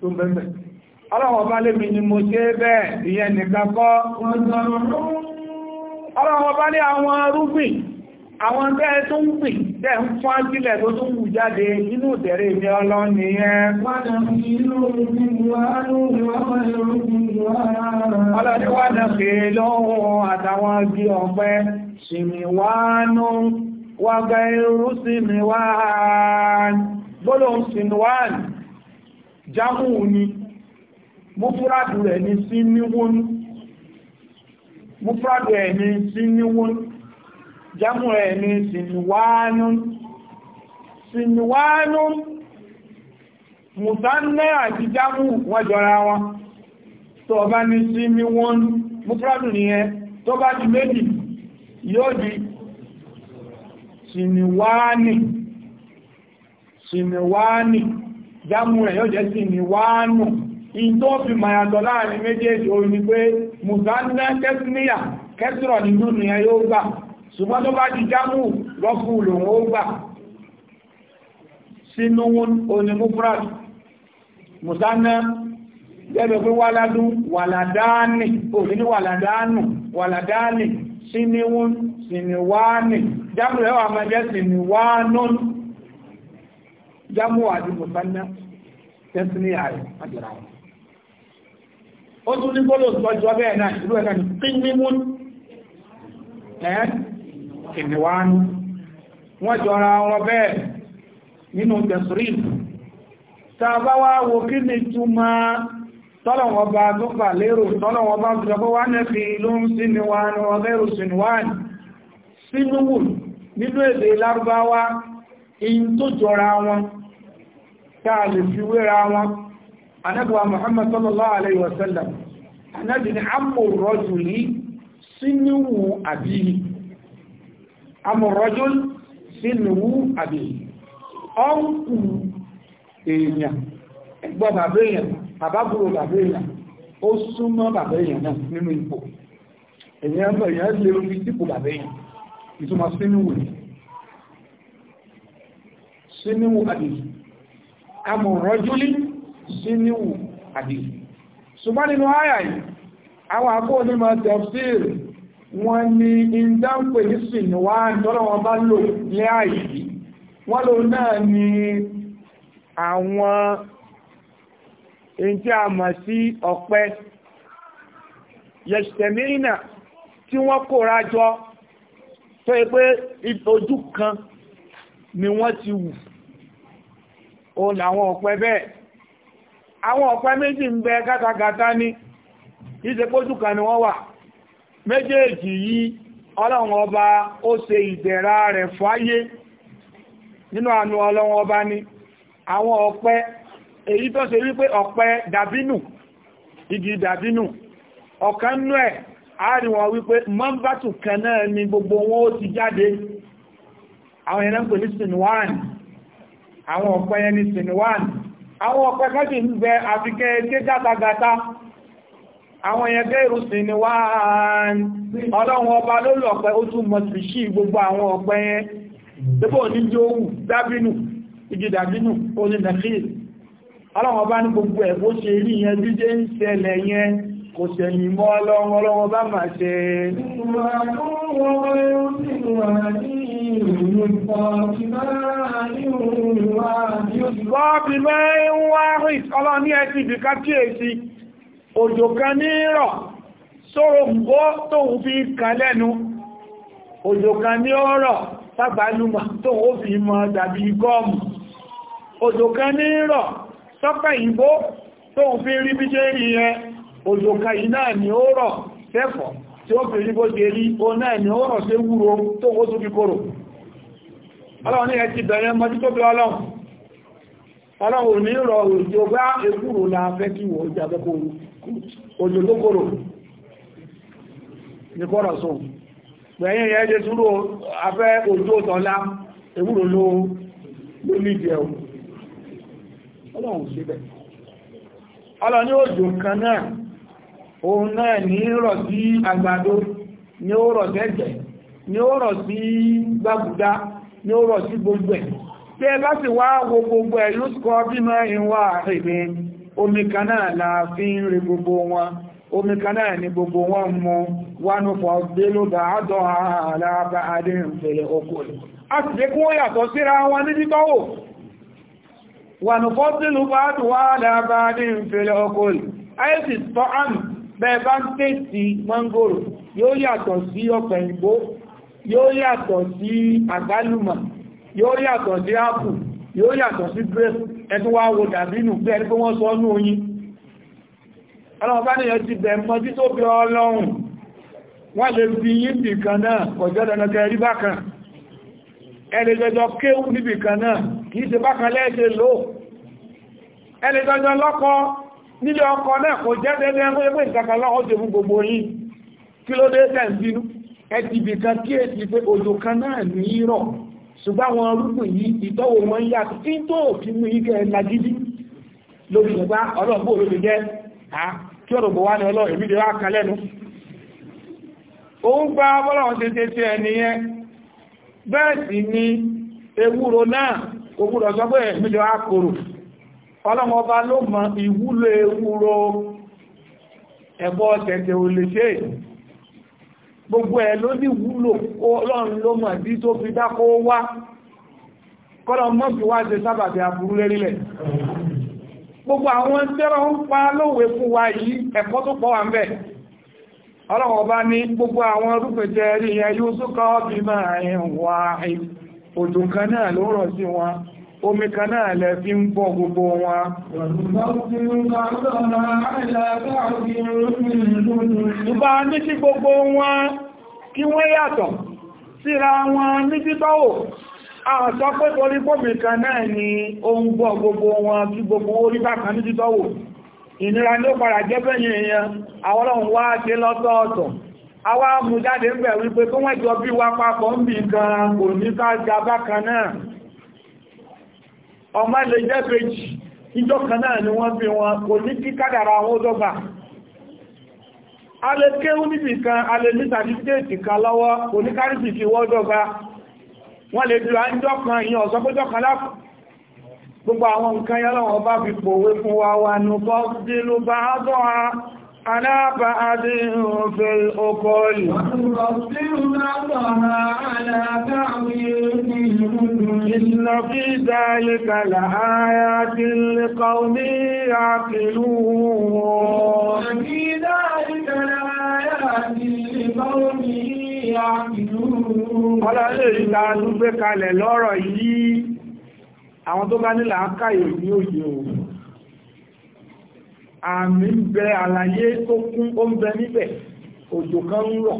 tó ń mi ni mo ṣe bẹ́ẹ̀ ìyẹn nìkan kọ́ ọlọ́wọ́ bá ní àwọn rúgbìn àwọn bẹ́ẹ̀ tó ń gbìn tẹ́ ń fún ájílẹ̀ tó tún wù jáde inú ìdẹ̀rẹ̀ ìmí ọlọ́ni yẹn ọlọ́ni lọ́wọ́ jámù ni múfúrádù rẹ̀ ní sí níwọ́n múfúrádù rẹ̀ ní sí níwọ́n jámù rẹ̀ ní síníwánún síníwánún mùsánná àti jámù wọ́n jọra wọn tó bá ní sí níwọ́n múfúrádù nìyẹn tó bá di méjì yóò di síníwánì síníwánì jámù rẹ̀ yóò jẹ́ sí ní wánù in tó fi mayàtọ̀ láàrin méjèèjì o ní pé mùsànlẹ̀ kẹsìníyà kẹsìrọ̀ nínú nìyẹn yóò gbà ṣùgbọ́n tó bá di jámù rọ́fù lòun ó gbà sínú onímúfúrádì mùsànlẹ̀ gẹ́gẹ́ pé wàládún wàládáánì òní wàládáánù wàládáánì síníwún síníwáánì jámù rẹ̀ wà máa jẹ́ jámù àti mùsànnà tẹ́sílẹ̀ ààrẹ àjọra wọn. ó tún ní gbọ́dọ̀ tọ́jú ọbẹ̀ ẹ̀ náà ìlú ẹ̀ náà ní kíndínmún ẹ̀ kìnnìwánu wọ́n jọra wọn bẹ́ẹ̀ nínú tẹ̀sírìm tá a bá wá wo kí ni túmọ̀ tọ́lọ̀wọ́ bá tó lérò tọ́lọ̀wọ́ bá tó wá nẹ́fì ló ń síniwánu ọgẹ́rù síniwánu sínúwù nínú èdè lárúbáwá in tó jọra wọn táà lè fi wéra wọn anábíwá Muhammad sallallahu alayhi wa sallam anábì ni amòrọ́jù ní sínúwù àbí amòrọ́jù sínúwù àbí ọ́nkù èèyàn ẹgbọ́ bàbá èèyàn àbábúrò bàbá èèyàn ó súnmọ́ bàbá èèyàn náà nínú ipò èèyàn mọ̀ èèyàn lè orí sípò bàbá èèyàn ìtumọ̀ sínúwù sínúwù àbí kàmù rọ́júlí sí níwù àdìsí ṣùgbọ́n nínú àyà yìí àwọn akóò ní máa tafsir wọ́n ní ìdáǹpẹ̀ ní sìnwá tọ́lọ́ wọn bá lò ní àyè wọ́n lò náà ní àwọn ìntí a mọ̀ sí ọ̀pẹ yẹ̀ṣẹ̀mínà tí wọ́n kóra jọ tó yẹ pé ojú kan ni wọ́n ti wù òun làwọn ọ̀pẹ bẹ́ẹ̀ àwọn ọ̀pẹ méjì ń bẹ kátàkátà ní ìsẹ́pójú kan ni wọ́n wà méjèèjì yìí ọlọ́run ọba ó ṣe ìdẹ̀ra rẹ̀ fáyé nínú àánú ọlọ́run ọba ni àwọn ọ̀pẹ èyí tó ṣe wípé ọ̀pẹ dàbínù igi dàbínù ọ̀kan nú ẹ̀ àríwọ̀n wípé mọ́mbàtù kan náà ni gbogbo wọn ó ti jáde àwọn ẹ̀rẹ́ ń pè ní sinwárìn àwọn ọ̀pẹ yẹn ní sinuwan àwọn ọ̀pẹ kẹ́sì ń bẹ àfikẹ́ ẹgbẹ́ gátagátá àwọn yẹn gẹ́rù sinuwan ọlọ́run ọba ló lọ̀pẹ ó tún mọ̀tìṣì gbogbo àwọn ọ̀pẹ yẹn débò ní jóhù dábínù igi dábínù ó ní nàfíìl ọlọ́run ọba ní gbogbo ẹ̀ bó ṣe rí yẹn dídé ń ṣẹlẹ̀ yẹn kò sẹ̀yìn mọ́ ọlọ́run ọlọ́run ọba mà ṣe Gọ́ọ̀bì mẹ́rin wá rí ọlọ́ ní ẹ̀sì ìbìká tí è sí, òjò kan ní rọ̀, sóró gbọ́ tóun fi kàlẹ́nu, òjò kan ní ọ̀rọ̀ sàgbàlùmà tóun ó fi mọ̀ dàbí gọ́ọ̀mù, òjò kan ní rọ̀ sọ́pẹ̀ ìbó tóun fi rí bí jẹ́ rí ẹ, òjò kan iná ọlọ́run ní ẹjì bẹ̀rẹ̀ mọ́jú tó bí ọlọ́run ọlọ́run ò ní rọ òjò bá ekúrò la fẹ́ kí wọ́n òjò lókòrò ní kọ́rọ̀ sọ gbẹ̀yìn yẹn jẹ́ afẹ́ òjò tọ́lá ekúrò ló nídìí ẹ̀wọ̀ ọlọ́run sí ni ó rọ̀ sí gbogbo ẹ̀ tí ẹ bá sì wá gbogbo ẹ̀ ló kọ́ bímọ ìwà èdè omi kan fi ń gbogbo wọn omi kan ni gbogbo wọn mú wánú pọ̀ dé ló àádọ́ àlàábà adé ìfẹ̀lẹ̀ oko a sì jẹ́ kún yàtọ̀ síra wọn ní títọ́wò àádọ́ yóò yàtọ̀ sí àgbálùmọ̀ yóò yàtọ̀ sí ápù yóò yàtọ̀ sí grape ẹ̀tún wá wo dàbínù pé ẹni pé wọ́n sọ ọ́nú oyin ọlọ́run bá nìyàn ti bẹ̀ mọ́ tí tó bí ọlọ́run wọ́n lè fi yí nìkan náà kọjọ́ dandankan rí bákan ẹlẹ́jọjọ kéwù níbì kan náà kìí ṣe bákan lẹ́ẹ̀ṣẹ́ lò ẹlẹ́jọjọ lọ́kọ ẹ̀dìbì kan kíyèsí pé òjò kan náà ní rọ̀ ṣùgbọ́n wọn arúgbìn yìí ìtọ́wò wọn yà tí tó mú ikẹ́ lagidi lórí ìgbà ọlọ́gbò olóbi jẹ́ kí ọ̀rọ̀ wá ní ọlọ́ èmi wá kan ẹ̀bọ́ gbogbo ẹ̀ ló ní wúlò ọlọ́run ló mọ̀ bí tó fi dákó wá kọ́lọ̀ mọ́ wá ṣe sábàbí àbúrú gbogbo àwọn tẹ́rọ ń pa wa yìí ẹ̀kọ́ tó pọ̀ wà ń bẹ̀ bá ní gbogbo àwọn rúfẹ̀jẹ́ rí omi kan náà lẹ fi ń bọ́ gbogbo wọn ìbá ní sí gbogbo wọn kí wọ́n yàtọ̀ síra wọn ní títọ́wò àtọ́ pé torí gómi kan náà ni ó ń bọ́ gbogbo wọn kí gbogbo orí bákan ní títọ́wò ìnira ní ó padà jẹ́ bẹ́yìn èèyàn àwọn ọlọ́run wá ṣe lọ́tọ̀ọ̀tọ̀ àwa ọmọ lè jẹ́ péjì ìjọ kan náà ni wọ́n bí wọn kò ní kí kádàrà wọn dọ́gba a lè kéwú níbi kan a lè ní sàtífíkèètì kan lọ́wọ́ kò ní kárìsì kí wọ́n lè dúra ń kan ìyàn ọ̀sọ́ kan lápò gbogbo àwọn nǹkan yẹ́lọ́wọ́ bá fi pòwe fún wa wà nù bọ́ sínú bá á على بعض في الأقل إن في ذلك لآيات لقوم يعقلون في ذلك لآيات لقوم يعقلون Ọlọ́lẹ́ ìta ló gbé kalẹ̀ lọ́rọ̀ yìí, àwọn tó bá nílà ń káyè ní òye òun àmì ń bẹ àlàyé tó kún ó ń bẹ níbẹ̀ òjò kan ń rọ̀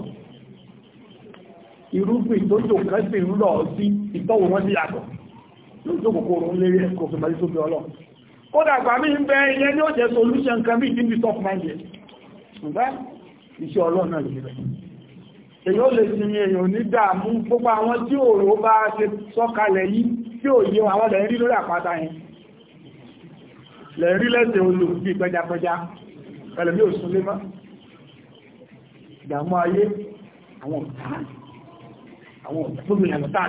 irúgbìn tó jò kan sì ń rọ̀ sí ìtọ́wò wọn sí yàtọ̀ lójú kòkòrò ń lérí ẹ̀kọ́ fún mẹ́lí tó fi ọlọ́ kódà gbà mí ń bẹ ilé ní ó jẹ́ solution kan bí ìdí top mind yẹ ṣùgbọ́n iṣẹ́ ọlọ́run náà lè rẹ̀ èyí ó lè sinmi èyàn ní dààmú gbogbo àwọn tí òòrùn bá ṣe sọ́kalẹ̀ yìí tí ò yẹ àwọn lẹ́yìn lórí àpáta yẹn lẹ́rí lẹ́sẹ̀ olù bí pẹjapẹja ẹlẹ̀mí ò súnlé má ìdàmú ayé àwọn ọ̀tá àwọn ọ̀tọ́gbìyàn ọ̀tá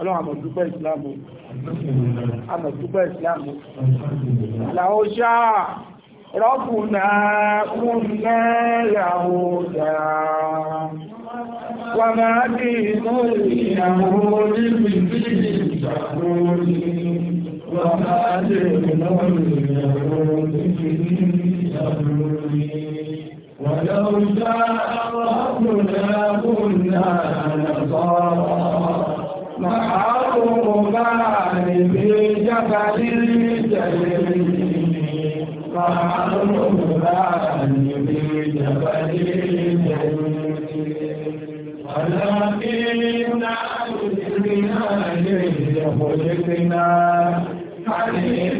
ọlọ́run àmọ̀dúpẹ́ ìsìláàmù àmọ̀dúpẹ́ ìsìláàmù àlàó bí ìmọ̀ ìyàwó níbi وما للعلم يعود به أمري ولو شاء ربنا كنا نصارى معهم معن في جبل الجليل معهم معن في جبل الجليل ولكن نحن بنا خلقنا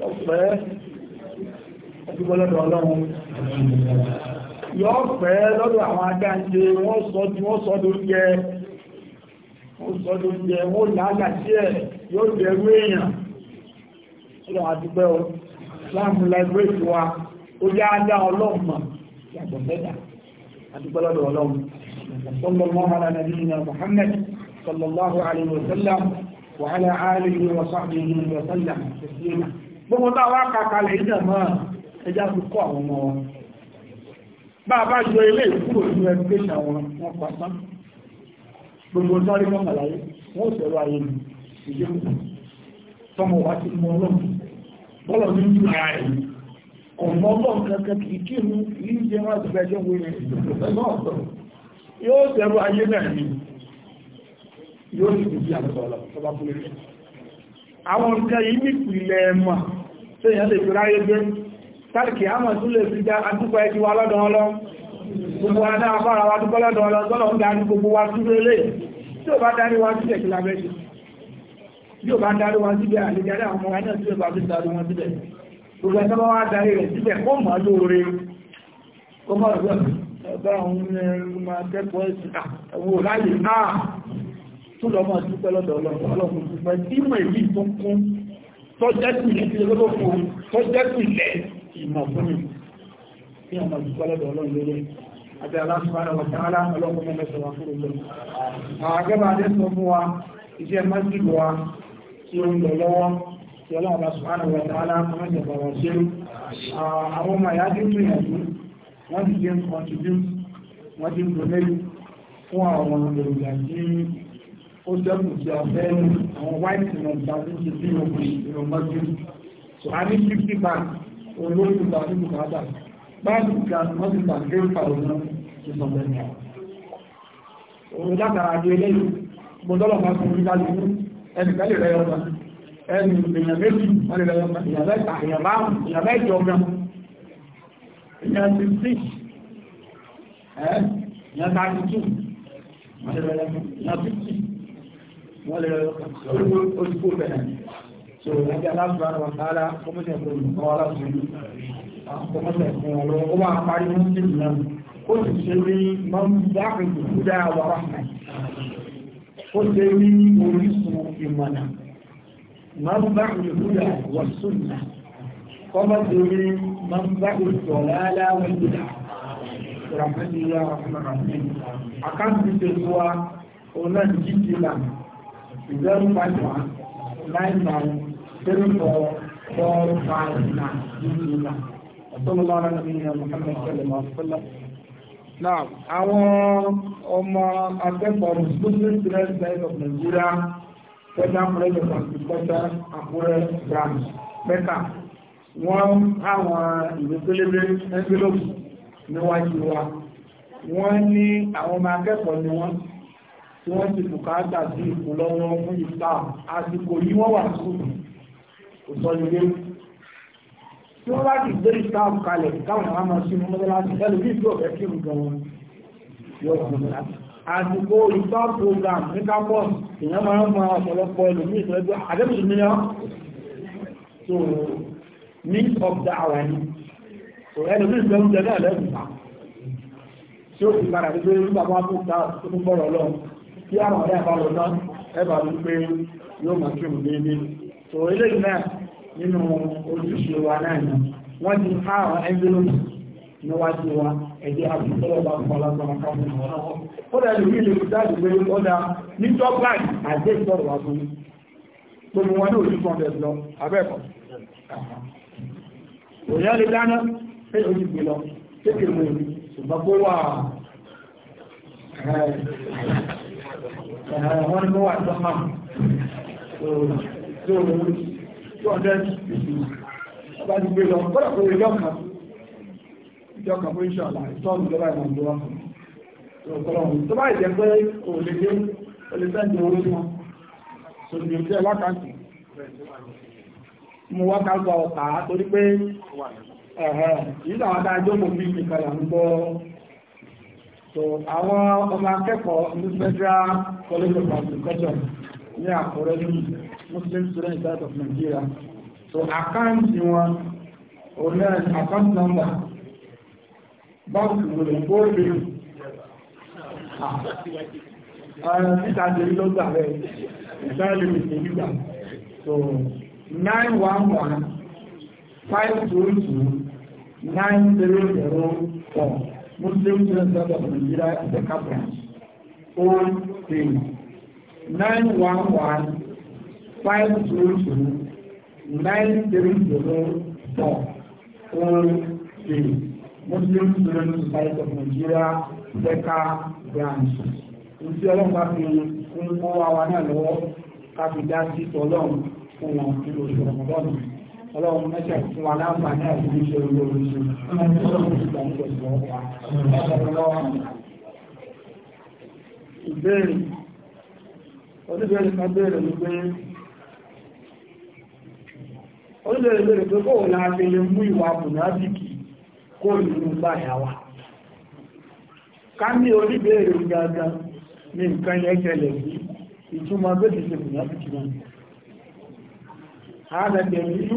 ọ̀pẹ́ ọdúgbọ́lọ́dọ̀ ọlọ́run yọ́ pẹ́ lọ́dọ̀ àwọn adáńjẹ wọ́n sọ di wọ́n sọ lóúnjẹ wọ́n sọ lóúnjẹ wọ́n làálà sí ẹ̀ yóò jẹ́rú èèyàn ọlọ́run àdúgbẹ́ o láàmú láìbírèkì wa ó yá dá ọlọ́run mọ̀ yàtọ̀ mẹ́ta àdúgbọ́lọ́dọ̀ ọlọ́run sallallahu ala nabiyyina Muhammad sallallahu alaihi gbogbo táwà kàkàlẹ̀ ìdẹ̀ máa ẹjá fi kọ́ àwọn ọmọ wọn bá bá jọ ilé ìkúrò ní ẹgbẹ́ṣà wọn wọ́n pàpá gbogbo sọ́rí mọ́màláyé wọ́n sẹ̀rọ ayé mi ìjẹ́ tọmọ wá sí mọ́ ọlọ́run bọ́lọ̀ ní ju ara rẹ̀ ọ̀mọ́ ọlọ́run kankan kìí kí inú ní jẹ́ wá sí àwọn nǹkan yìí nípìnlẹ̀ ẹ̀mọ́ tí èyàn lè fi ráyé gbé tàbí àmọ̀ tún lè fi já àdúgbò ẹjú wa lọ́dọ̀ ọlọ́ gbogbo wa náà fara wa dúpọ́ lọ́dọ̀ ọlọ́ tọ́lọ̀ ń darí gbogbo wa dúró lè tí ò bá darí wa sílẹ̀ kí labẹ́ ṣe bí ò bá darí wa síbẹ̀ àlejàdá àwọn ọmọ wa náà síbẹ̀ bá fi darí wọn síbẹ̀ gbogbo ẹjọ́ tún lọ́mọ̀ dúpẹ́ lọ́dọ̀ ọlọ́run dúpẹ́ tí mọ̀ èyí tó kún tó jẹ́ sí ilé tí lọ́dọ̀ fún mi tó jẹ́ sí ilẹ̀ ìmọ̀ fún mi ní ọmọ ìdúpọ̀ lọ́dọ̀ ọlọ́run lórí àti aláṣùmọ́ra wọ̀ta aláàmọ́lọ́kùn mẹ́lẹ́sọ̀rọ̀ fún òun àgbẹ́bà adé sọ fún wa iṣẹ́ mọ́sílù wa tí ó ń lọ lọ́wọ́ tí ọlọ́run bá sùmọ́ra wọ̀ta aláàmọ́lọ́kùn mẹ́lẹ́sọ̀rọ̀ ṣe àwọn ọmọ ìyá dín tún ìyàjú wọ́n ti jẹ́ contribute wọ́n ti ń donate fún àwọn èròjà tí ó dẹ́kun sí ọ̀fẹ́ àwọn white man tàbí ti bí òkè ìrọ̀mọ́jú so a ní fifty bank olóògùn tàbí bùkátà báńkì kan wọ́n ti gbà gbé ìfà òun ti sọ bẹ́ẹ̀ náà òun látara àjọ eléyìí gbọ́dọ́lọ̀ máa fún orí láti mú ẹni kẹ́lẹ̀ rẹ̀ ọmọ ẹni èèyàn méjì wọ́n rẹ̀ ọmọ èèyàn márùn èèyàn mẹ́jọ ọmọ èèyàn ti sí èèyàn 32 wọ́n rẹ̀ ọmọ èèyàn 50 wọ́n lè olùkó so ẹgbẹ́ aláàbùbára wọn tààlà kọmọ́sẹ̀ fún olùkọ́ aláàbùbára kọmọ́sẹ̀ fún ọlọ́wọ́ ó máa parí mú sí ìlú náà ó sì ṣe rí mọ́mùdáàkùn ìdúdá wà ráhùn ó ṣe rí orísun ìmọ̀nà mọ́mùdáàkùn ìdúdá wà súnà kọmọ́sẹ̀ rí mọ́mùdáàkùn ìdọ̀lá wọn dúdá ọ̀nà jíjìlá zero five one nine nine zero four four five nine nígbà ọ̀sọ́nù máa ń rìn ní Muhammad sallallahu alaihi wasallam. Now, àwọn ọmọ akẹ́kọ̀ọ́ Muslim Student Bank of Nigeria Federal College of Agriculture Àkúrẹ́ Branch Mẹ́ta wọ́n àwọn ìwé pélébé envelope níwájú wa. Wọ́n ní àwọn ọmọ akẹ́kọ̀ọ́ ni wọ́n tí wọ́n ti bùkátà sí ìkúlọ́wọ́ fún ìta àsìkò yí wọ́n wà sùúrù kò sọ ilé tí wọ́n bá ti gbé ìta kalẹ̀ káwọn àwọn máa ṣe mọ́tọ́ láti ẹlò ní ìlú ọ̀fẹ́ kí nǹkan wọn yóò kù ní àsìkò ìta program ní campus èèyàn máa ń mọ ọ̀pọ̀lọpọ̀ ẹlò ní ìfẹ́ gbé àdébùsùn mi náà so meet up the ni so ẹlò ní ìfẹ́ oúnjẹ náà lẹ́gbẹ̀ẹ́ kí àwọn ọ̀rẹ́ àbálọ̀ náà ẹbà ló pé yóò mọ̀ sí òun déédéé so eléyìí náà nínú ojúṣe wa náà ni wọ́n ti há àwọn envelope níwájú wa ẹ̀jẹ̀ àbúkọ́lọ́gbà fọlọ́gbọ̀n káwọn ọ̀rọ̀ ó dẹ̀ lórí ilé ìdájú pé ó dá ní tọ́gbàì àjẹ́ ìtọ́rọ̀ wá fún gbogbo wọn ní òjú kan bẹ̀ lọ abẹ́ẹ̀kọ́ òyìn lè dáná pé ojú gbé lọ kéèké mú ṣùgbọ́n kó wà wọ́n ni mọ́ wà sọ́mà torí pé ẹ̀hẹ̀ adájọ́ mo fi ìkàlà ń so àwọn ọmọ akẹ́kọ̀ọ́ ní federal college of education, ní àkọrẹ́ ní muslim student side of nigeria so àkáǹtì wọn ọ̀nà account number bank báńkì wòlò gbóòlè ọ̀rọ̀ títà jẹ́ lọ́gbà rẹ̀ ìsáàlì ìgbà so 911 522 9304 Muslim President of Nigeria is the captain. Old thing. 911 522 9304. Old thing. Muslim Student Society of Nigeria, Deca Branch. Ìṣẹ́ ọlọ́run bá fi ń kó wa náà lọ́wọ́ ká fi dá sí ọlọ́run fún wọn nínú oṣù Ramadan. ọlọ́run mẹ́sẹ̀ fún wa láǹfààní àti na olórí ṣe ọlọ́run ti gbà nígbà tí wọ́n pa ìbéèrè oníbèrè kan béèrè ní pé oníbèrè béèrè pé kóò la fi lè mú ìwà mùnábìkì kó ìlú wa ní sí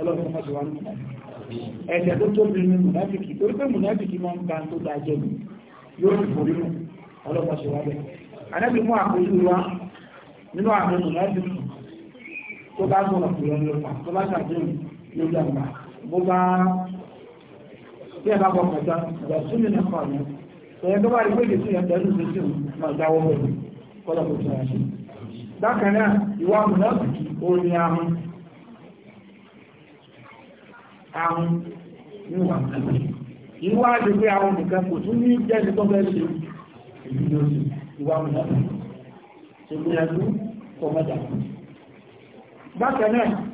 ọlọ́run mọ́ sí wá nínú ẹ̀jẹ̀ tó tóbi ní mùnáfìkì torí pé mùnáfìkì máa ń ka tó da jẹ́ mi yóò sì borí mu ọlọ́run mọ́ sí wá bẹ́ẹ̀ anábì mú àpòjú wa nínú àwọn mùnáfìkì tó bá sọ̀rọ̀ pé ọ̀rọ̀ ọ̀pá tó bá ṣàdéhùn yóò dàgbà bó bá bí ẹ bá bọ̀ kọjá ìgbà sí mi nípa mi ẹ̀yẹ àwọn níwà ìwà àti àwọn nìkan kò tún ní jẹ́sí tó fẹ́ ṣe ìdílé oṣù ìwà mọ̀lẹ́bí tó gbìyànjú kọmọ́dà bákan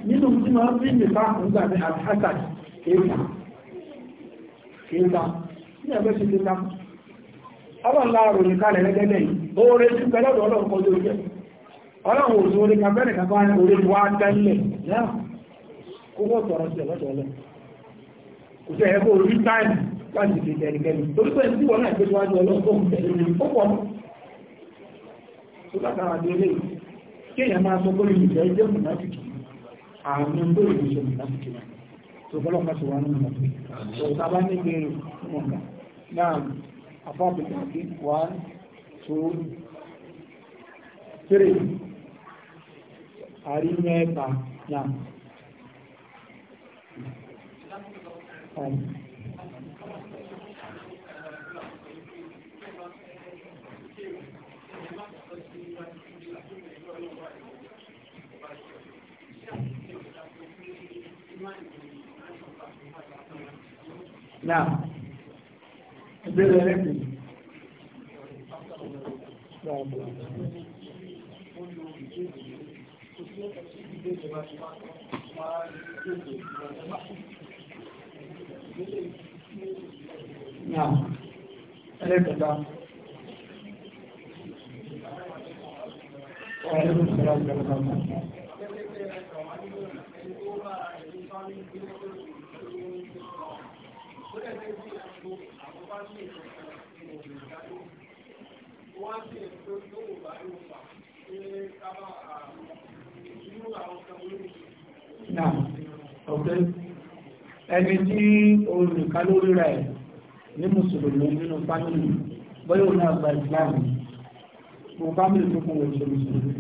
nínú tí wọ́n fi ń nípa nígbà ní àtàkàt kéèkà kéèkà ní ẹgbẹ́ kéèkà ọlọ́run láàrùn ní tọrọ kò sẹ́ oriri orí táìmù láti fi tẹ̀lẹ̀kẹ́lẹ̀ torí pé tí wọ́n náà gbéjọ́ wájú ọlọ́gbọ́n tẹ̀lẹ̀ ó pọ̀ mọ́ tó látara di kéèyàn máa sọ pé ìjẹ́ ìjẹ́ tó ṣe náà tó wá ní pé mọ̀nà Náà, Náà, ẹlẹ́kẹta. Ọ̀rẹ́lẹ́kùn sọ́rọ̀ ìgbẹ̀lẹ́kọ̀ọ́ náà. Now, okay ẹni tí olùkà lórí rẹ̀ ní mùsùlùmí nínú fámìlì bóyá òun náà gba ìsìláàmù mo fámìlì tó kún òṣèlú mùsùlùmí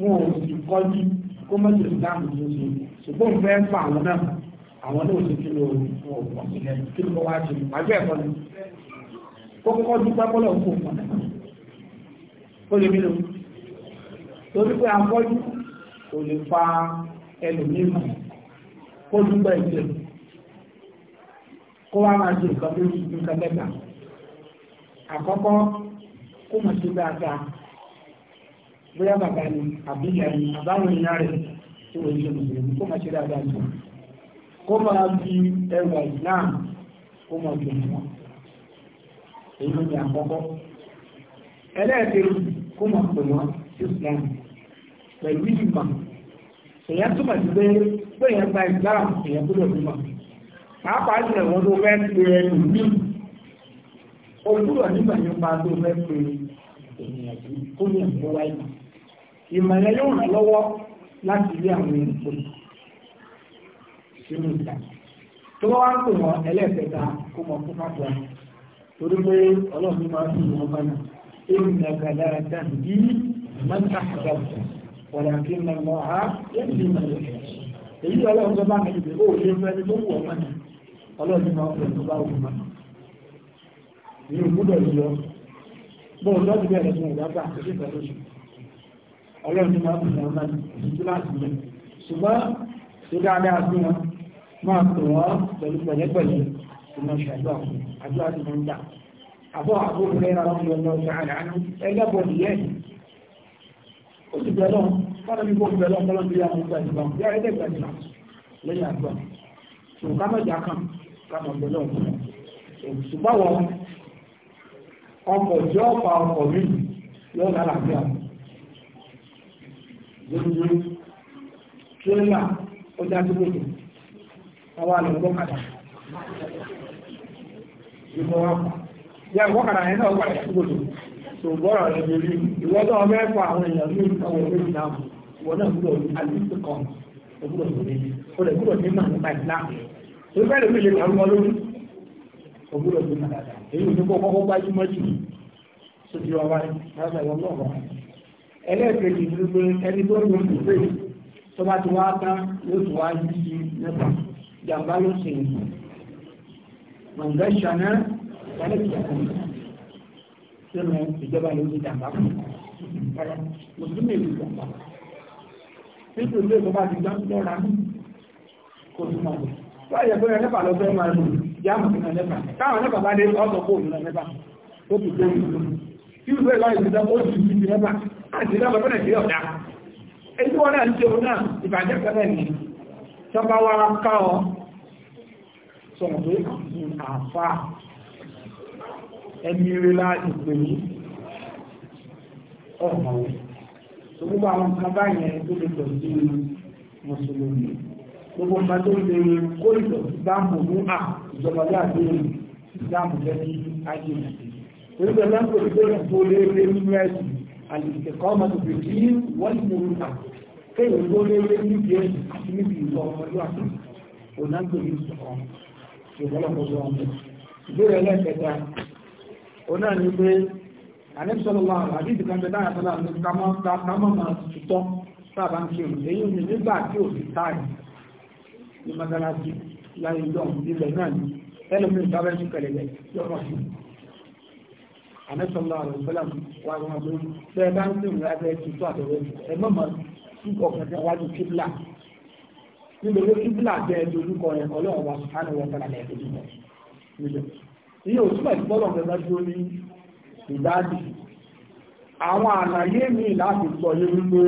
wọn ò sì kọjú kó mọ́tò ìsìláàmù tó ṣe ṣùgbọ́n ń fẹ́ fún àwọn náà àwọn náà ṣe kí ló wọn ò pọ̀ sílẹ̀ kí ló wá ṣe àjọ ẹ̀kọ́ ni kókó dúpẹ́ kọ́lọ̀ ń kó fún ọ lè mílò torí pé afọ́jú kò lè fa ẹlòmíràn kó dúgbà ìjẹ kó wá máa ṣe nǹkan tó ṣe nǹkan mẹ́ta àkọ́kọ́ kó mọ̀ sí dáadáa bóyá bàbá ni àbí ìyá ni àbáwọn èèyàn rẹ̀ tó wọ́n ṣe mùsùlùmí kó mọ̀ sí dáadáa sí kó máa fi ẹwà Islam kó mọ̀ sí wọn èyí ni àkọ́kọ́ ẹlẹ́ẹ̀kejì kó mọ̀ pè wọ́n sí Islam pẹ̀lú ìmọ̀ èyàn túmọ̀ sí pé pé èyàn gba ìgbára èyàn tó lè túmọ̀ pàápàá jùlọ wọn tó fẹ́ pe ẹnu mí o gbúdọ̀ nígbà nípa tó fẹ́ pe ènìyàn sí kó ní ẹ̀kọ́ wáyé ìmọ̀ yẹn yóò ràn lọ́wọ́ láti rí àwọn ènìyàn sínú ìta tó bá wá ń pè wọn ẹlẹ́ẹ̀kẹta kó mọ fún fàbọ̀ torí pé ọlọ́run máa ń fi wọn bá náà ènìyàn gàdára dáhùn máa ń tàkàdá ọ̀sán ولكن الله يهدي من يشاء èyí ọlọ́run tó bá mi ìdè ó lè fẹ́ ní tó wù ọmọ ni ọlọ́run máa fẹ́ tó bá wù mọ́ ní ògbúdọ̀ yíyọ bóò lọ́dún bẹ̀rẹ̀ fún ìgbà bá àkókò ìfẹ́ lóṣù ọlọ́run máa fẹ́ ọmọ ni ìdí láti lè ṣùgbọ́n tó dáadáa sí wọn máa pè wọ́n pẹ̀lú pẹ̀lẹ́pẹ̀lẹ́ ìmọ̀ ṣàdúrà àdúrà ti máa ń gbà àbọ̀ àbúrò rẹ̀ rárá ọmọ ọlọ́run ó sì bẹ̀rẹ̀ lọ́n fọ́nà bí kò bẹ̀rẹ̀ lọ́n kọ́lọ́n bí i àwọn ìgbàjì lọ́n bí ẹ̀ẹ́dẹ̀ ìgbàjì lọ́n lẹ́yìn àgbà tó ká mẹ́jà kan ká mọ̀ bẹ̀rẹ̀ lọ́n ṣùgbọ́n wọn ọkọ̀ jẹ́ ọ̀pá ọkọ̀ mi yóò lálàáfíà gbogbo tírélà ó já sí gbogbo àwọn àlọ́gbọ́n kàdà ìgbọ̀wọ́ ṣògbọ́rọ̀ rẹ̀ lórí ìwọ́dọ̀ mẹ́fà àwọn èèyàn ní àwọn ìwé ìdáàmú ìwọ́n náà gbúdọ̀ ní àdúgbò kan ògbúdọ̀ lórí ó gbúdọ̀ ní màá nípa ìsìláàmù tó fẹ́rẹ̀ mi lè lórí ògbúdọ̀ ní màá èyí ò ní kó kọ́kọ́ bá júmọ́ jù sójú ọba láti ẹ̀wọ̀n náà wọ́n ẹlẹ́ẹ̀kejì ní pé ẹni tó ń lo ìgbé tó bá ti wá tán yóò tún wá yí nípa jàǹbá yóò sì ń mọ̀ngá ìṣàná wọlé ìṣàkóso sínú ìjọba ló ti dàgbà fún mùsùlùmí ìlú dàgbà títí ilé tó bá ti gbá ń lọ́ra kò sí máa tó àyẹ̀ pé ẹlẹ́pà lọ máa lò jáàmù sínú ẹlẹ́pà táwọn ẹlẹ́pà bá dé ọ̀sọ̀ kó òun ẹlẹ́pà ó ti dé ìlú tí ìlú ìlú ìlú ó ti fi ti ẹlẹ́pà àti ìlú ọ̀pẹ́ nàìjíríà ọ̀dà èyí wọn náà ń ṣe òun náà ìbàjẹ́ kẹfẹ́ ni tọ́ba wa ká ọ sọ̀rọ̀ pé àfa ẹni rẹlá ìpèlú ọ̀mọ̀wé tó gbogbo àwọn nǹkan báyẹn tó lè tọ̀ sí mùsùlùmí gbogbo nǹkan tó lè kó ìtọ̀sí dáàmù mú à ìjọba bí àdéhùn dáàmù lẹ́ni ayé torí pẹ̀lú ẹ̀kọ́ ìgbéyàn tó léèrè nínú ẹ̀sìn àlìkẹ̀kọ́ ọmọdé bèbí wọ́n ti mú ìta kéèyàn tó léèrè níbi ẹ̀sìn àti níbi ìtọ́ ọmọdé àti ònàgbèrè ìsọ̀kan ìbọ́lọ́pọ̀ ó náà ní pé àníṣọ́lọ́wọ́ àdíjì kan bẹ̀rẹ̀ àtọ́lá ní kámọ́ máa tutọ́ sábà ń kírun èyí ni nígbà tí ò sí táì ní mọ́sálásí láyé ìjọ ilẹ̀ náà ní ẹlòmí ìdábẹ́ sí kẹlẹ̀lẹ̀ yọ́pọ̀ sí àníṣọ́lọ́wọ́ àrùsọ́lá wà wọn lórí bẹ́ẹ̀ bá ń kírun lábẹ́ tutọ́ àtọ̀rẹ́ ẹ mọ́ máa túkọ̀ kẹta wájú ní òṣùpẹ̀ tí bọ́lọ̀ fẹ́ lọ́jọ́ ní ìdájì àwọn àlàyé mi láti sọ yé wípé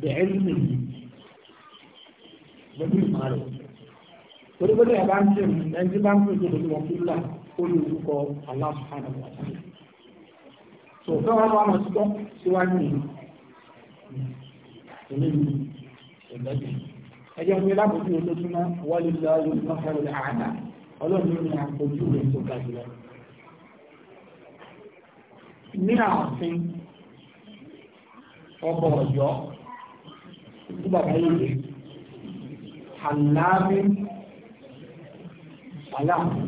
bẹ̀rẹ̀ ní èyí pẹ̀lú ìmọ̀ rẹ̀ torí pé lẹ́yìn bá ń jẹ́ ẹni tí bá ń pèsè pẹ̀lú wọn fúnlá ó lè orúkọ aláàbùkánà wọn tó fẹ́ wọn wá máa tọ́ síwájú yìí eléyìí ẹ̀lẹ́gbẹ̀ẹ́ ẹjẹ́ fún ilábùkún olóṣùná wọ́n lè lọ yóò máa fẹ́ràn àádá ọlọ́run ní àpòjú rẹ̀ tó ga jùlọ. ní ààfin ọkọ̀ ọ̀yọ́ tí bàbá yìí rè àláàbí aláàbí.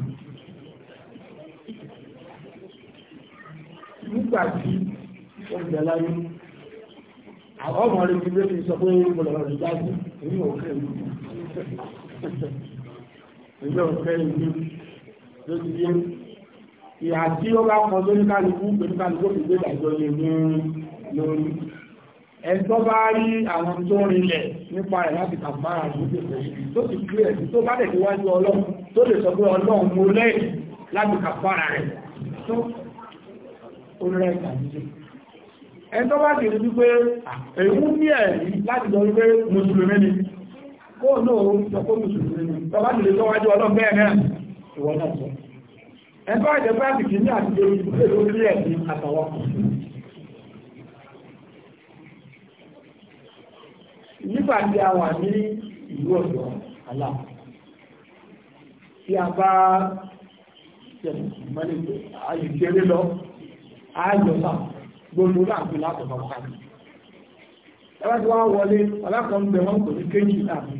nígbà tí ó ń jẹ láyé àwọn ọmọ rẹ̀ ti lé mi sọ pé mo lọ́ọ́ rẹ̀ jáde èmi ò kẹ́ mi ìjọ òfẹ́ ìlú ló ti yé ìhà tí ó bá kan tó ní kálukú pé ní kálukú fi gbé ìdájọ́ lè mú lórí ẹni tó bá rí àwọn tó rinlẹ̀ nípa rẹ̀ láti kàbára lókèfẹ́ tó ti gbé ẹ̀sìn tó bá tẹ̀sí wájú ọlọ́run tó lè sọ pé ọlọ́run mo lẹ́yìn láti kàbára rẹ̀ tó orílẹ̀ ìtàjíjẹ́ ẹni tó bá ti rí wípé èyí ní ẹ̀rí kó náà orí sọpọ̀ mùsùlùmí ni tọba jùlọ tó wájú ọlọ́gbẹ́ náà ìwọ náà sọ ẹgbẹ́ àjẹ́ pàtìkì ní àtijọ́ ìdúgbò lórí ẹ̀sìn àtàwọn nígbà tí a wà ní ìlú ọ̀dọ́ àlá tí a bá mọ́lẹ̀ ayìkéré lọ ayọ̀sà gbogbo láàpin látọ̀bọ̀ káàkiri ẹwà tí wọ́n wọlé alákọ̀ọ́mùbẹ̀ wọn kò ní kéjì láàrin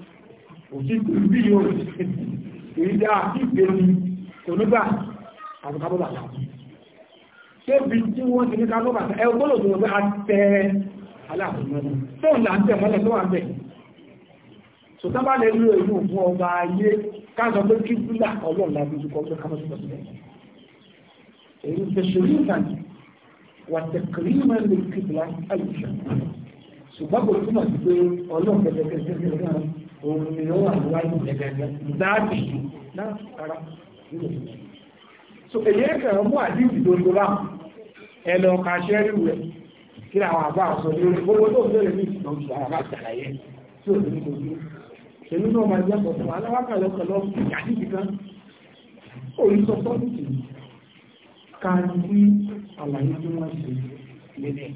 òṣìṣẹ́ bí yóò èyí dá ìgbèrú onígbà àbúkábọ́bà ṣébi tí wọ́n ti ní kábọ́bà ẹ gbọ́dọ̀ tó wọ́n bá tẹ aláàfin mọ́lẹ̀ tó ń là ń tẹ̀ mọ́lẹ̀ tó wà bẹ̀ sọ̀tàbà lè rí èyí òfin ọba ayé káàkó pé kí bílà ọlọ́run láti ju kọ́kọ́ kámọ́ sí pẹ̀lú èyí tẹ̀ ṣòrí ìtàní wà tẹ̀ kìrìmù lè kìbìlà àyíṣà ṣùgbọ́n kò túmọ̀ sí pé ọlọ́run pẹ̀lú òun ni ó wà níwájú gẹ́gẹ́gẹ́ dáàbì náà rárá so èyí ẹ̀kẹ́ ọmọ àdíjì tó tó bá ẹ lọ ka ṣẹ́rí rẹ̀ kí àwọn àbá sọ ní orí gbogbo tó bẹ̀rẹ̀ ní ìtàn ìgbà àbá ṣàlàyé tí ò ní kò ní èmi náà máa jẹ́ pọ̀ fún aláwákà lọ́kọ̀ lọ sí àdíjì kan orí sọ sọ́ọ̀tì ká ní àlàyé tí wọ́n ṣe lẹ́lẹ́ẹ̀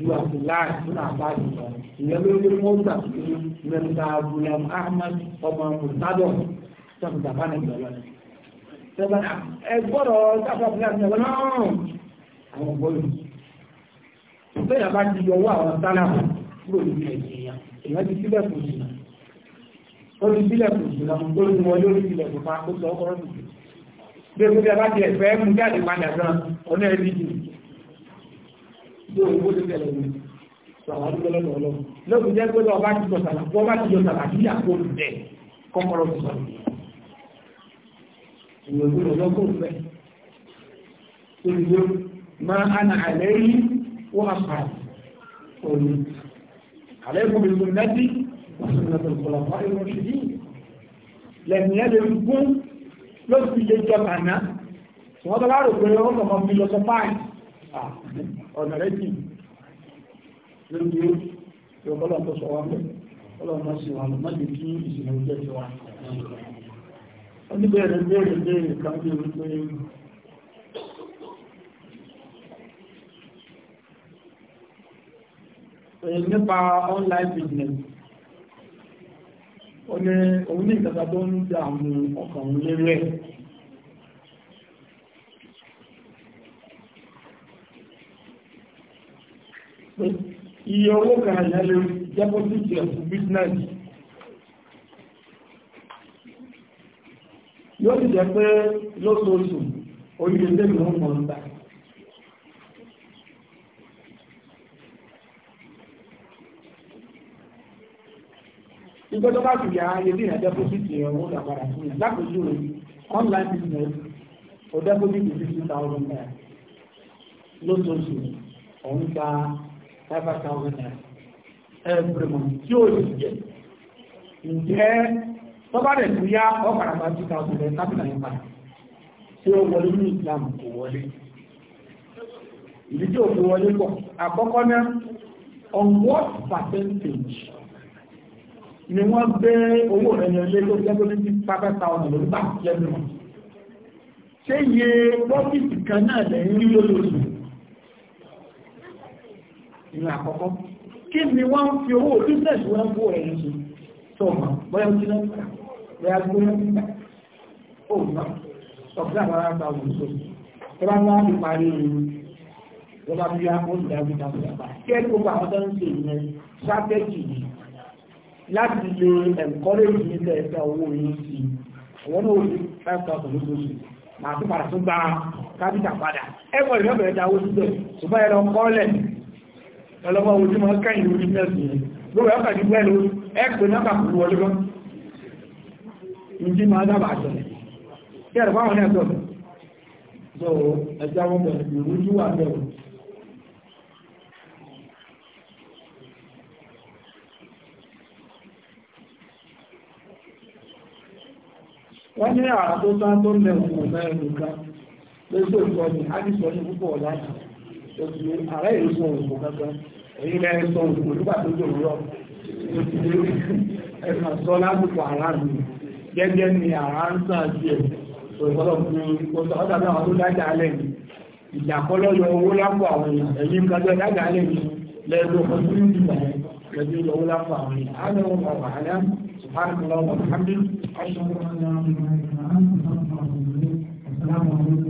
ju abdullahi nínú abáàdì lọ ìyẹn ló ní wọn gbà pé mẹta gulam ahmed ọmọ mùsàdọ sọfún bàbá náà gbọlọ ni. sọfún ẹ gbọ́dọ̀ sáfà abdullahi náà náà àwọn gbọ́dọ̀ bẹ́ẹ̀ yàrá ti yọwọ́ àwọn sálàmù kúrò nínú ẹ̀sìn yẹn èèyàn ti sílẹ̀ kù jìnnà ó ti sílẹ̀ kù jìnnà ó ti wọlé ó ti sílẹ̀ kù pa ó sọ ọkọ̀ rẹ̀ kù jù. bí o bá ti ẹ̀fẹ́ mú jáde padà gan ọ̀nà ẹ̀ tí òun bó ti tẹ̀lé mi sọ̀rọ̀ àdúgbò lọ́dọ̀ ọlọ́run lọ́dún jẹ́ pé ọba ti jọ sàlà bọ́ bá ti jọ sàlà bí àpò bẹ̀ kọ́kọ́rọ́ ti sọ̀rọ̀ ìròyìn ọlọ́gbọ̀n fẹ́ olùdó máa ana àlẹ́ yìí wọ́n apá òní àlẹ́ kò bí mo nẹ́tí wọ́n sì nà tó kọlọ̀ fún àyè wọn ṣùgbọ́n lẹ́nu yẹn lè gún lọ́sùn ilé jọ kàná wọ́n tó bá rò pé wọ́n kọ̀ mọ́ bí lọ́sọ páàkì ọ̀nà rẹ̀ jì lórí tí ó bọ́lọ̀ tó sọ wá pẹ̀ bọ́lọ̀ má sí wọn má lè kí ìsìnkú jẹ́ ti wá oníbẹ̀rẹ̀ bẹ̀rẹ̀ bẹ̀rẹ̀ kan bí wípé nípa online business ó ní òun ní ìtàkà tó ń dààmú ọkàn lérí ẹ̀ iye owó kan ẹ̀yẹ́ lè dẹ́pọ́sìtì ẹ̀sùn bísínẹ́sì yóò ti jẹ́ pé lóṣooṣù orílẹ̀ èdè ló ń mọ̀ ń gbà ìgbẹ́ tó bá sì yá ayé bí ìrìn dẹ́pọ́sìtì ẹ̀wọ́ ìdàpadà fún yà lápòjú rẹ̀ online business ò dẹ́pọ́sìtì fifty thousand naira lóṣooṣù òun gba five thousand naira every month tí ó lè jẹ ǹjẹ́ tọ́ba rẹ̀ tó yá ọ̀pára bá two thousand naira tábìlà yẹn padà tí ó wọlé ní Islam kò wọlé ìdí tí ò fi wọlé pọ̀ àkọ́kọ́ náà on what percentage ni wọ́n gbé owó rẹ̀ ní ilé tó jẹ́ tó ní five thousand lórí bá jẹ́ mímọ́ ṣé iye profit kan náà lẹ́yìn lórí oṣù ìrìn àkọ́kọ́ kí ni wọ́n fi owó business wọ́n bó ẹ̀yìn sí tọ́mà bọ́yá tí náà bọ́yá tí náà nígbà ó gbà ọ̀gbà àwọn àgbà òṣìṣẹ́ tọ́lá wọn ti parí ìrìn lọ́ba bí wọ́n ti dájú dájú dábà kí ẹ gbogbo àwọn tó ń ṣe ìyẹn strategy láti lè encourage nílẹ̀ ẹ̀ka owó yìí sí àwọn náà ó ní five thousand lóṣooṣù màá tún padà tún gba kápítà padà ẹ̀kọ́ ìrẹ́bẹ̀rẹ̀ dáwó síbẹ̀ ṣùgbọ́n ẹ̀rọ kọ́lẹ̀ ẹlọ́mọ ohun tí wọ́n kẹ́yìn lórí mẹ́sì yẹn lórí ọ́kàdì pẹ́lú ẹgbẹ̀ náà kàkùrù wọlé gan ìjí máa dábà àṣẹlẹ̀ kí ẹ̀rọ báwọn ẹ̀tọ́ so ẹjá wọn bẹ̀rẹ̀ ìrú tí wà bẹ̀rù wọ́n ní àrà tó tán tó lẹ̀kùn mẹ́rin nìkan lóṣèlú ọdún á ní púpọ̀ láti òtùlé ààrẹ ìlú sọ òṣù kankan èyí lẹ́yìn sọ òṣù nígbà tó jò rọ òtùlé ẹ̀sán sọ lásìkò àrá mi gẹ́gẹ́ ni àrá ń sàn sí ẹ̀ òṣùpọ̀lọ̀ fún ọjọ́ ọjà náà tó dájà alẹ́ mi ìjàkọ́lọ́ yọ owó lápò àwọn èèyàn ẹ̀yìn kájọ dájà alẹ́ mi lẹ́ẹ̀dọ́ ọdún ìgbà yẹn lẹ́ẹ̀dọ́ yọ owó lápò àwọn èèyàn á lọ́wọ́ bàbá àlẹ́ سبحانك اللهم وبحمدك أشهد أن لا إله إلا أنت أستغفرك وأتوب إليك السلام عليكم